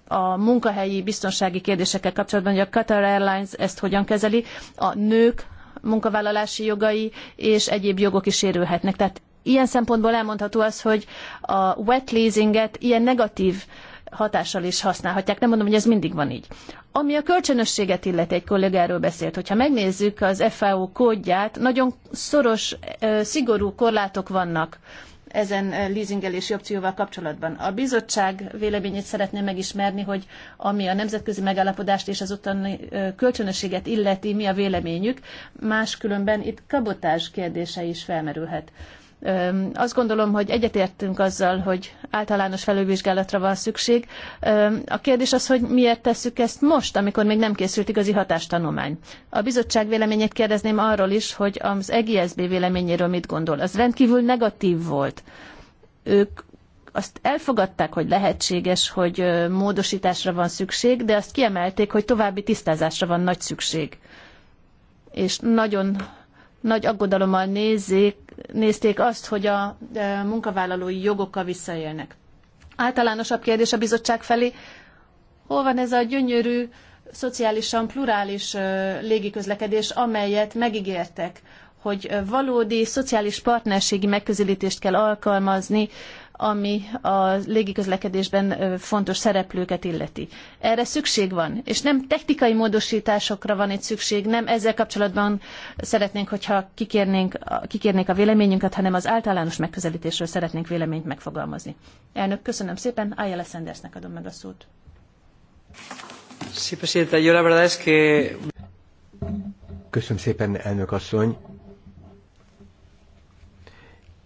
a munkahelyi biztonsági kérdésekkel kapcsolatban, hogy a Qatar Airlines ezt hogyan kezeli, a nők munkavállalási jogai és egyéb jogok is sérülhetnek. Tehát ilyen szempontból elmondható az, hogy a wet leasinget ilyen negatív hatással is használhatják. Nem mondom, hogy ez mindig van így. Ami a kölcsönösséget illeti, egy kollégáról beszélt, hogyha megnézzük az FAO kódját, nagyon szoros, szigorú korlátok vannak ezen leasingelési opcióval kapcsolatban. A bizottság véleményét szeretném megismerni, hogy ami a nemzetközi megállapodást és az utáni kölcsönösséget illeti, mi a véleményük, máskülönben itt kabotás kérdése is felmerülhet. Azt gondolom, hogy egyetértünk azzal, hogy általános felülvizsgálatra van szükség. A kérdés az, hogy miért tesszük ezt most, amikor még nem készült igazi hatástanulmány. A bizottság véleményét kérdezném arról is, hogy az EGSB véleményéről mit gondol. Az rendkívül negatív volt. Ők azt elfogadták, hogy lehetséges, hogy módosításra van szükség, de azt kiemelték, hogy további tisztázásra van nagy szükség. És nagyon nagy aggodalommal nézzék nézték azt, hogy a e, munkavállalói jogokkal visszaélnek. Általánosabb kérdés a bizottság felé, hol van ez a gyönyörű, szociálisan plurális e, légiközlekedés, amelyet megígértek, hogy valódi szociális partnerségi megközelítést kell alkalmazni ami a légiközlekedésben fontos szereplőket illeti. Erre szükség van, és nem technikai módosításokra van itt szükség, nem ezzel kapcsolatban szeretnénk, hogyha kikérnénk, kikérnék a véleményünket, hanem az általános megközelítésről szeretnénk véleményt megfogalmazni. Elnök, köszönöm szépen, Ayala Sandersnek adom meg a szót. Köszönöm szépen, elnök asszony.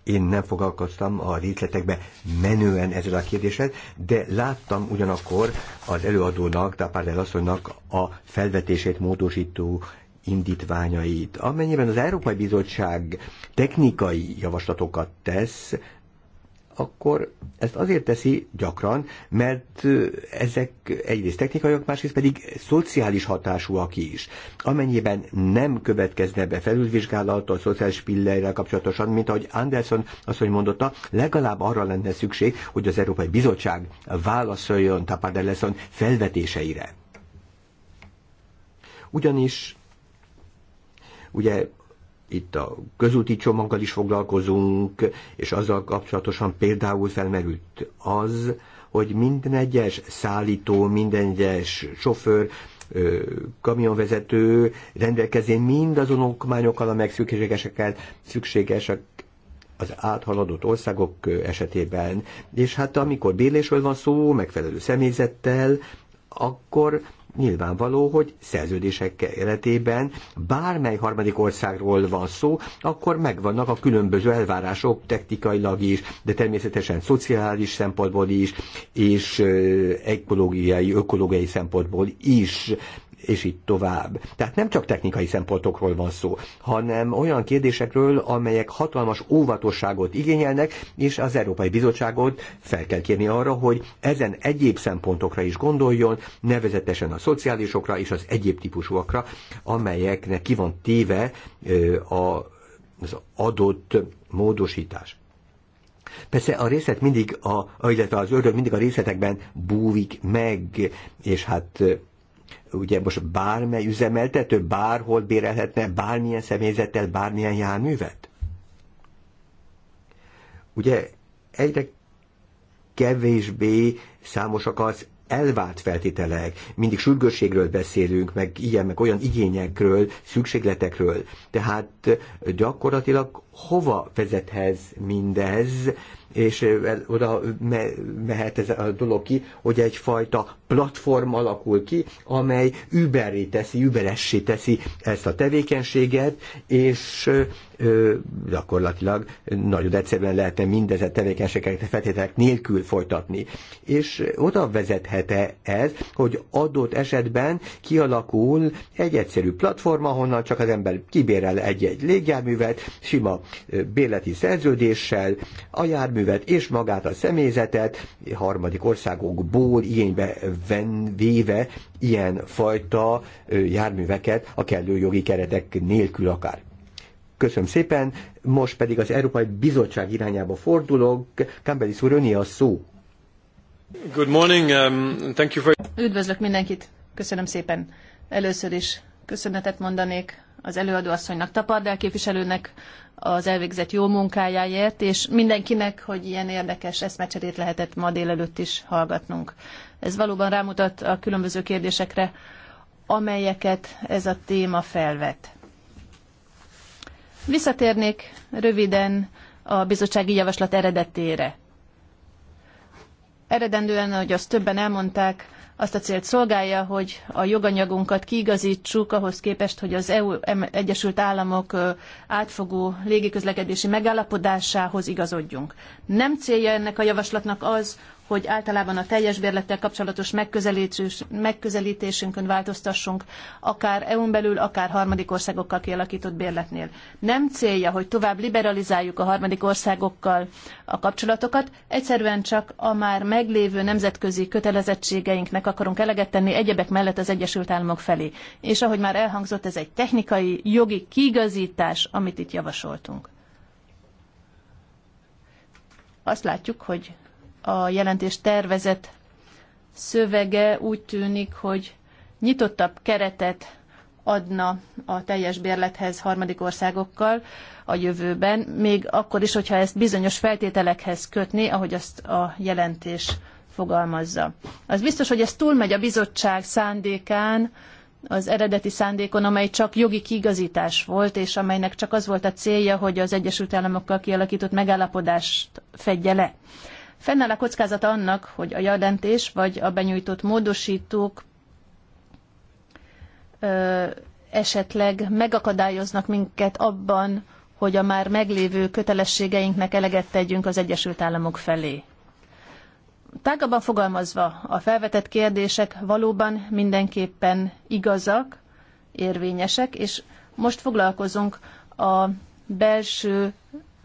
Én nem foglalkoztam a részletekbe menően ezzel a kérdéssel, de láttam ugyanakkor az előadónak, Tapárdel asszonynak a felvetését módosító indítványait. Amennyiben az Európai Bizottság technikai javaslatokat tesz, akkor ezt azért teszi gyakran, mert ezek egyrészt technikaiak, másrészt pedig szociális hatásúak is. Amennyiben nem következne be felülvizsgálata a szociális pillérrel kapcsolatosan, mint ahogy Anderson hogy mondotta, legalább arra lenne szükség, hogy az Európai Bizottság válaszoljon Tapadeleson felvetéseire. Ugyanis ugye itt a közúti csomaggal is foglalkozunk, és azzal kapcsolatosan például felmerült az, hogy minden egyes szállító, minden egyes sofőr, kamionvezető rendelkezé mindazon okmányokkal, amelyek szükségeseket, szükségesek az áthaladott országok esetében. És hát amikor bérlésről van szó, megfelelő személyzettel, akkor Nyilvánvaló, hogy szerződések keretében bármely harmadik országról van szó, akkor megvannak a különböző elvárások technikailag is, de természetesen szociális szempontból is, és ekológiai, ökológiai szempontból is és így tovább. Tehát nem csak technikai szempontokról van szó, hanem olyan kérdésekről, amelyek hatalmas óvatosságot igényelnek, és az Európai Bizottságot fel kell kérni arra, hogy ezen egyéb szempontokra is gondoljon, nevezetesen a szociálisokra és az egyéb típusúakra, amelyeknek ki van téve az adott módosítás. Persze a részlet mindig, a, illetve az ördög mindig a részletekben búvik meg, és hát Ugye most bármely üzemeltető bárhol bérelhetne bármilyen személyzettel bármilyen járművet? Ugye egyre kevésbé számosak az elvált feltételek, mindig sürgősségről beszélünk, meg ilyen, meg olyan igényekről, szükségletekről. Tehát gyakorlatilag hova vezethez mindez? és oda mehet ez a dolog ki, hogy egyfajta platform alakul ki, amely überré teszi, überessé teszi ezt a tevékenységet, és ö, gyakorlatilag nagyon egyszerűen lehetne mindezen tevékenységeket feltételek nélkül folytatni. És oda vezethet-e ez, hogy adott esetben kialakul egy egyszerű platform, ahonnan csak az ember kibérel egy-egy légjárművet, sima bérleti szerződéssel, a jármű járművet és magát a személyzetet harmadik országokból igénybe véve ilyen fajta járműveket a kellő jogi keretek nélkül akár. Köszönöm szépen, most pedig az Európai Bizottság irányába fordulok. Kambelis úr, öné a szó. Good morning, um, thank you for... Üdvözlök mindenkit, köszönöm szépen. Először is köszönetet mondanék az előadóasszonynak, Tapardel képviselőnek az elvégzett jó munkájáért, és mindenkinek, hogy ilyen érdekes eszmecserét lehetett ma délelőtt is hallgatnunk. Ez valóban rámutat a különböző kérdésekre, amelyeket ez a téma felvet. Visszatérnék röviden a bizottsági javaslat eredetére. Eredendően, ahogy azt többen elmondták, azt a célt szolgálja, hogy a joganyagunkat kiigazítsuk ahhoz képest, hogy az EU Egyesült Államok átfogó légiközlekedési megállapodásához igazodjunk. Nem célja ennek a javaslatnak az, hogy általában a teljes bérlettel kapcsolatos megközelítés, megközelítésünkön változtassunk, akár EU-n belül, akár harmadik országokkal kialakított bérletnél. Nem célja, hogy tovább liberalizáljuk a harmadik országokkal a kapcsolatokat, egyszerűen csak a már meglévő nemzetközi kötelezettségeinknek akarunk eleget tenni egyebek mellett az Egyesült Államok felé. És ahogy már elhangzott, ez egy technikai, jogi kiigazítás, amit itt javasoltunk. Azt látjuk, hogy a jelentés tervezett szövege úgy tűnik, hogy nyitottabb keretet adna a teljes bérlethez harmadik országokkal a jövőben, még akkor is, hogyha ezt bizonyos feltételekhez kötni, ahogy azt a jelentés fogalmazza. Az biztos, hogy ez túlmegy a bizottság szándékán, az eredeti szándékon, amely csak jogi kiigazítás volt, és amelynek csak az volt a célja, hogy az Egyesült Államokkal kialakított megállapodást fedje le. Fennáll a kockázata annak, hogy a jelentés vagy a benyújtott módosítók ö, esetleg megakadályoznak minket abban, hogy a már meglévő kötelességeinknek eleget tegyünk az Egyesült Államok felé. Tágabban fogalmazva, a felvetett kérdések valóban mindenképpen igazak, érvényesek, és most foglalkozunk a belső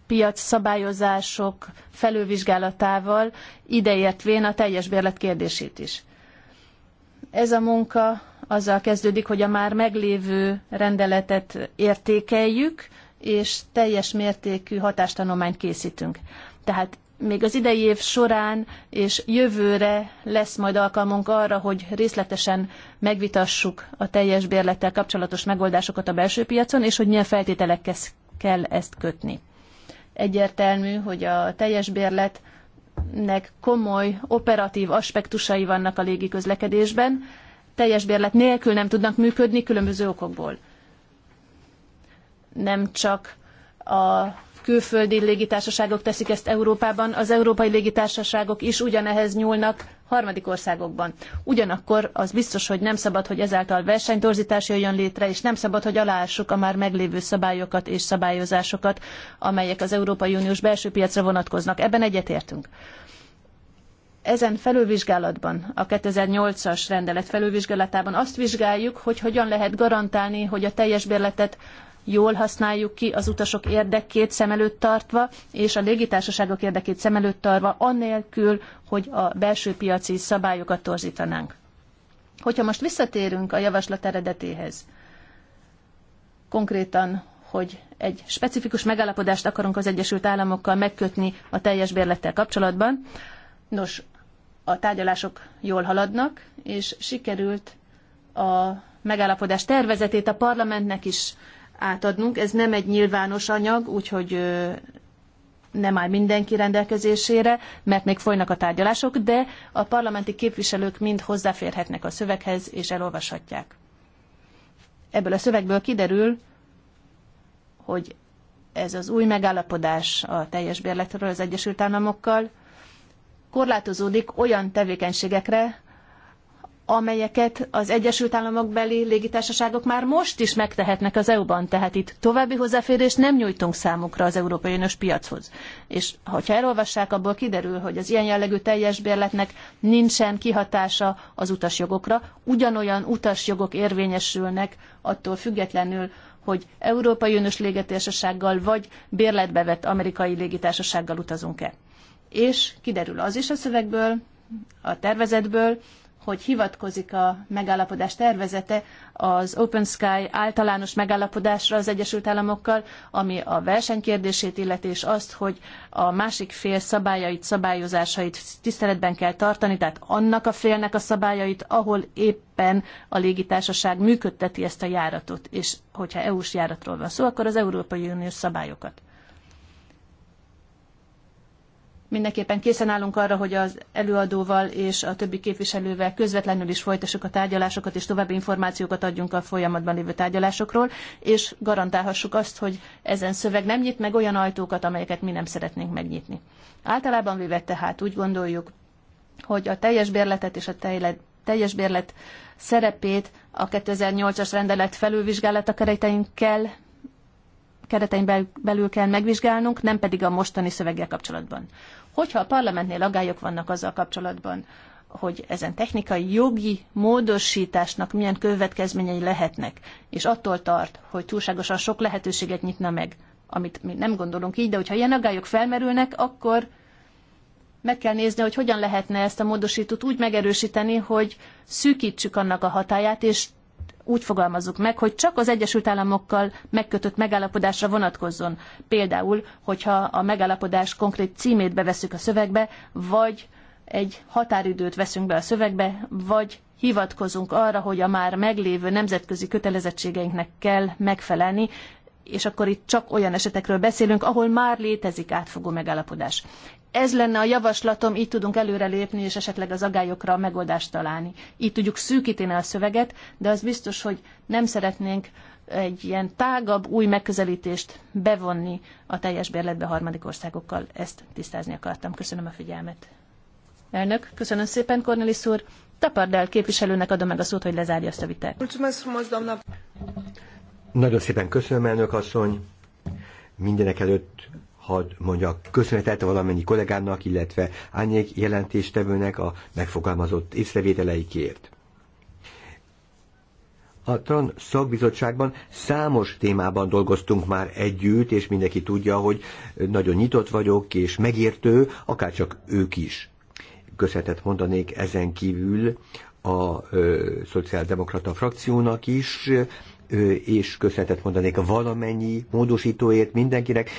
piac szabályozások felülvizsgálatával, ideértvén a teljes bérlet kérdését is. Ez a munka azzal kezdődik, hogy a már meglévő rendeletet értékeljük, és teljes mértékű hatástanulmányt készítünk. Tehát még az idei év során és jövőre lesz majd alkalmunk arra, hogy részletesen megvitassuk a teljes bérlettel kapcsolatos megoldásokat a belső piacon, és hogy milyen feltételekhez kell ezt kötni. Egyértelmű, hogy a teljes bérletnek komoly operatív aspektusai vannak a légiközlekedésben. Teljes bérlet nélkül nem tudnak működni különböző okokból. Nem csak a külföldi légitársaságok teszik ezt Európában, az európai légitársaságok is ugyanehhez nyúlnak harmadik országokban. Ugyanakkor az biztos, hogy nem szabad, hogy ezáltal versenytorzítás jöjjön létre, és nem szabad, hogy aláássuk a már meglévő szabályokat és szabályozásokat, amelyek az Európai Uniós belső piacra vonatkoznak. Ebben egyetértünk. Ezen felülvizsgálatban, a 2008-as rendelet felülvizsgálatában azt vizsgáljuk, hogy hogyan lehet garantálni, hogy a teljes bérletet jól használjuk ki az utasok érdekét szem előtt tartva, és a légitársaságok érdekét szem előtt tartva, annélkül, hogy a belső piaci szabályokat torzítanánk. Hogyha most visszatérünk a javaslat eredetéhez, konkrétan, hogy egy specifikus megállapodást akarunk az Egyesült Államokkal megkötni a teljes bérlettel kapcsolatban, nos, a tárgyalások jól haladnak, és sikerült a megállapodás tervezetét a parlamentnek is átadnunk. Ez nem egy nyilvános anyag, úgyhogy nem áll mindenki rendelkezésére, mert még folynak a tárgyalások, de a parlamenti képviselők mind hozzáférhetnek a szöveghez, és elolvashatják. Ebből a szövegből kiderül, hogy ez az új megállapodás a teljes bérletről az Egyesült Államokkal korlátozódik olyan tevékenységekre, amelyeket az Egyesült Államok beli légitársaságok már most is megtehetnek az EU-ban, tehát itt további hozzáférést nem nyújtunk számukra az Európai Uniós piachoz. És ha elolvassák, abból kiderül, hogy az ilyen jellegű teljes bérletnek nincsen kihatása az utasjogokra, ugyanolyan utasjogok érvényesülnek attól függetlenül, hogy Európai Uniós légitársasággal vagy bérletbe vett amerikai légitársasággal utazunk-e. És kiderül az is a szövegből, a tervezetből, hogy hivatkozik a megállapodás tervezete az Open Sky általános megállapodásra az Egyesült Államokkal, ami a versenykérdését illeti, és azt, hogy a másik fél szabályait, szabályozásait tiszteletben kell tartani, tehát annak a félnek a szabályait, ahol éppen a légitársaság működteti ezt a járatot, és hogyha EU-s járatról van szó, akkor az Európai Unió szabályokat. Mindenképpen készen állunk arra, hogy az előadóval és a többi képviselővel közvetlenül is folytassuk a tárgyalásokat, és további információkat adjunk a folyamatban lévő tárgyalásokról, és garantálhassuk azt, hogy ezen szöveg nem nyit meg olyan ajtókat, amelyeket mi nem szeretnénk megnyitni. Általában véve tehát úgy gondoljuk, hogy a teljes bérletet és a teljes bérlet szerepét a 2008-as rendelet felülvizsgálata keretein kell keretein belül kell megvizsgálnunk, nem pedig a mostani szöveggel kapcsolatban. Hogyha a parlamentnél agályok vannak azzal kapcsolatban, hogy ezen technikai jogi módosításnak milyen következményei lehetnek, és attól tart, hogy túlságosan sok lehetőséget nyitna meg, amit mi nem gondolunk így, de hogyha ilyen agályok felmerülnek, akkor meg kell nézni, hogy hogyan lehetne ezt a módosítót úgy megerősíteni, hogy szűkítsük annak a hatáját, és úgy fogalmazzuk meg, hogy csak az Egyesült Államokkal megkötött megállapodásra vonatkozzon. Például, hogyha a megállapodás konkrét címét bevesszük a szövegbe, vagy egy határidőt veszünk be a szövegbe, vagy hivatkozunk arra, hogy a már meglévő nemzetközi kötelezettségeinknek kell megfelelni, és akkor itt csak olyan esetekről beszélünk, ahol már létezik átfogó megállapodás. Ez lenne a javaslatom, így tudunk előrelépni, és esetleg az agályokra a megoldást találni. Így tudjuk szűkíteni a szöveget, de az biztos, hogy nem szeretnénk egy ilyen tágabb, új megközelítést bevonni a teljes bérletbe harmadik országokkal. Ezt tisztázni akartam. Köszönöm a figyelmet. Elnök, köszönöm szépen, Cornelis úr. Tapardel képviselőnek adom meg a szót, hogy lezárja ezt a vitát. Nagyon szépen köszönöm, elnök asszony. Mindenek előtt hadd mondjak köszönetet valamennyi kollégámnak, illetve Ányék jelentéstevőnek a megfogalmazott észrevételeikért. A TRAN szakbizottságban számos témában dolgoztunk már együtt, és mindenki tudja, hogy nagyon nyitott vagyok, és megértő, akárcsak ők is. Köszönetet mondanék ezen kívül a ö, szociáldemokrata frakciónak is, és köszönetet mondanék valamennyi módosítóért mindenkinek.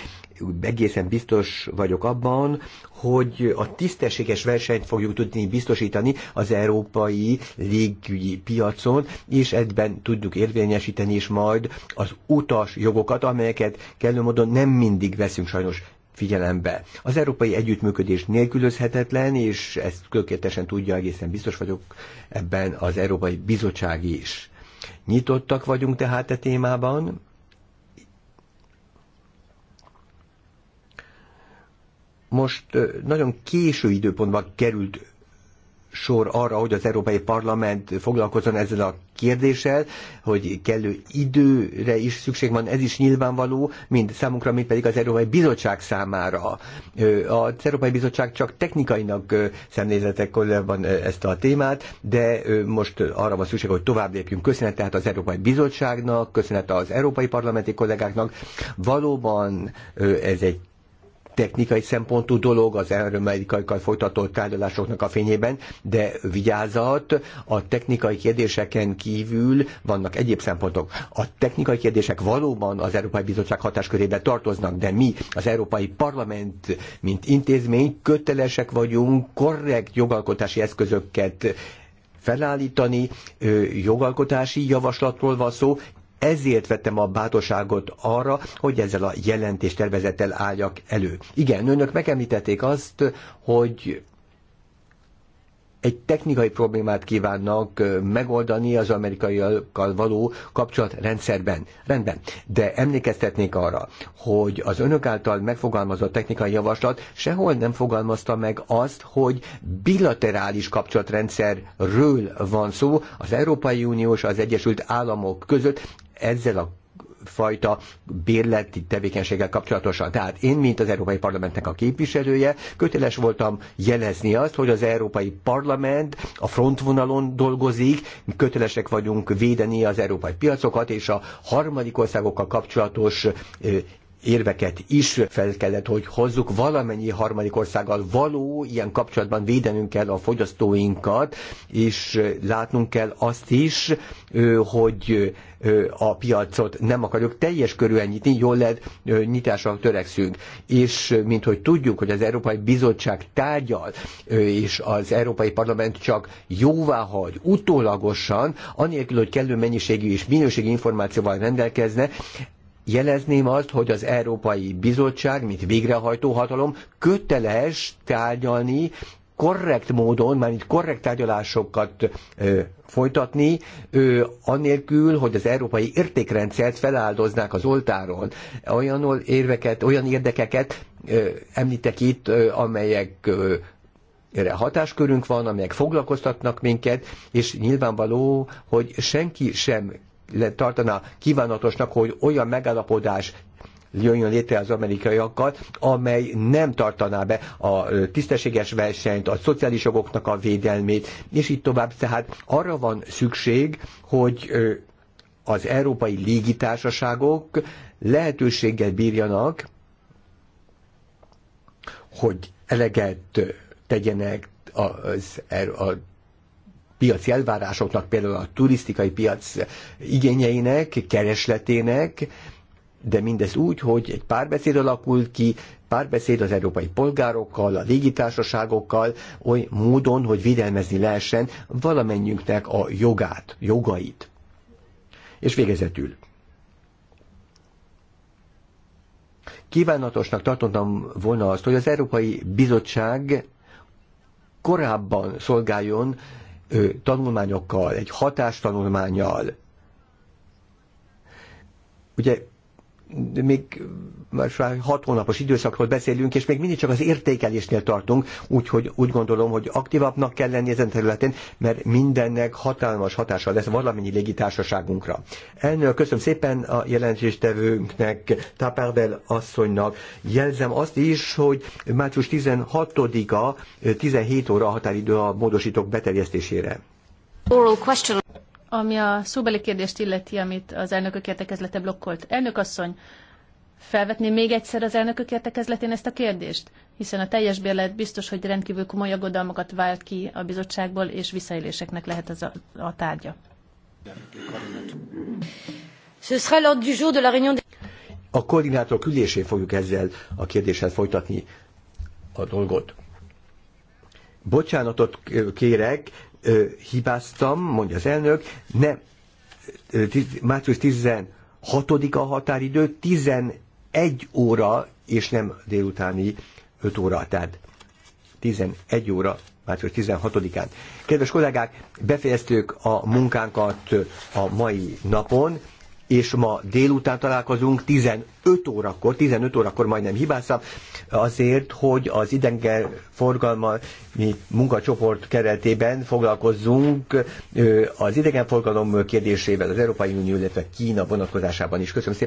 Egészen biztos vagyok abban, hogy a tisztességes versenyt fogjuk tudni biztosítani az európai légügyi piacon, és ebben tudjuk érvényesíteni is majd az utas jogokat, amelyeket kellő módon nem mindig veszünk sajnos figyelembe. Az európai együttműködés nélkülözhetetlen, és ezt kökéletesen tudja, egészen biztos vagyok ebben az Európai Bizottság is. Nyitottak vagyunk tehát a e témában. Most nagyon késő időpontban került sor arra, hogy az Európai Parlament foglalkozzon ezzel a kérdéssel, hogy kellő időre is szükség van, ez is nyilvánvaló, mind számunkra, mind pedig az Európai Bizottság számára. Az Európai Bizottság csak technikainak szemléletekor van ezt a témát, de most arra van szükség, hogy tovább lépjünk. Köszönet tehát az Európai Bizottságnak, köszönet az Európai Parlamenti kollégáknak. Valóban ez egy technikai szempontú dolog az amerikaikkal folytatott tárgyalásoknak a fényében, de vigyázat, a technikai kérdéseken kívül vannak egyéb szempontok. A technikai kérdések valóban az Európai Bizottság hatáskörébe tartoznak, de mi, az Európai Parlament, mint intézmény kötelesek vagyunk korrekt jogalkotási eszközöket felállítani, jogalkotási javaslatról van szó, ezért vettem a bátorságot arra, hogy ezzel a tervezettel álljak elő. Igen, önök megemlítették azt, hogy egy technikai problémát kívánnak megoldani az amerikaiakkal való kapcsolatrendszerben. Rendben, de emlékeztetnék arra, hogy az önök által megfogalmazott technikai javaslat sehol nem fogalmazta meg azt, hogy bilaterális kapcsolatrendszerről van szó az Európai Unió és az Egyesült Államok között, ezzel a fajta bérleti tevékenységgel kapcsolatosan. Tehát én, mint az Európai Parlamentnek a képviselője, köteles voltam jelezni azt, hogy az Európai Parlament a frontvonalon dolgozik, kötelesek vagyunk védeni az európai piacokat, és a harmadik országokkal kapcsolatos érveket is fel kellett, hogy hozzuk. Valamennyi harmadik országgal való ilyen kapcsolatban védenünk kell a fogyasztóinkat, és látnunk kell azt is, hogy a piacot nem akarjuk teljes körűen nyitni, jól lehet nyitásra törekszünk. És mint hogy tudjuk, hogy az Európai Bizottság tárgyal, és az Európai Parlament csak jóvá hagy utólagosan, anélkül, hogy kellő mennyiségű és minőségi információval rendelkezne, jelezném azt, hogy az Európai Bizottság, mint végrehajtó hatalom köteles tárgyalni korrekt módon, mármint korrekt tárgyalásokat ö, folytatni, ö, anélkül, hogy az európai értékrendszert feláldoznák az oltáron. Olyan érveket, olyan érdekeket ö, említek itt, ö, amelyek ö, erre hatáskörünk van, amelyek foglalkoztatnak minket, és nyilvánvaló, hogy senki sem tartaná kívánatosnak, hogy olyan megállapodás jönjön létre az amerikaiakkal, amely nem tartaná be a tisztességes versenyt, a szociális jogoknak a védelmét, és így tovább. Tehát arra van szükség, hogy az európai légitársaságok lehetőséggel bírjanak, hogy eleget tegyenek az, az piaci elvárásoknak, például a turisztikai piac igényeinek, keresletének, de mindez úgy, hogy egy párbeszéd alakul ki, párbeszéd az európai polgárokkal, a légitársaságokkal, oly módon, hogy védelmezni lehessen valamennyünknek a jogát, jogait. És végezetül. Kívánatosnak tartottam volna azt, hogy az Európai Bizottság korábban szolgáljon tanulmányokkal, egy hatástanulmányjal. Ugye még már hat hónapos időszakról beszélünk, és még mindig csak az értékelésnél tartunk, úgyhogy úgy gondolom, hogy aktívabbnak kell lenni ezen területen, mert mindennek hatalmas hatása lesz valamennyi légitársaságunkra. Ennél köszönöm szépen a jelentéstevőnknek, Tapárdel asszonynak. Jelzem azt is, hogy március 16-a 17 óra a határidő a módosítók beterjesztésére. Ami a szóbeli kérdést illeti, amit az elnökök értekezlete blokkolt. Elnök asszony, felvetné még egyszer az elnökök értekezletén ezt a kérdést? Hiszen a teljes bérlet biztos, hogy rendkívül komoly aggodalmakat vált ki a bizottságból, és visszaéléseknek lehet az a, a tárgya. A koordinátor ülésén fogjuk ezzel a kérdéssel folytatni a dolgot. Bocsánatot kérek, hibáztam, mondja az elnök, nem, március 16-a határidő, 11 óra, és nem délutáni 5 óra, tehát 11 óra március 16-án. Kedves kollégák, befejeztük a munkánkat a mai napon és ma délután találkozunk 15 órakor, 15 órakor majdnem hibáztam, azért, hogy az idengel forgalma mi munkacsoport keretében foglalkozzunk az idegenforgalom kérdésével az Európai Unió, illetve Kína vonatkozásában is. Köszönöm szépen!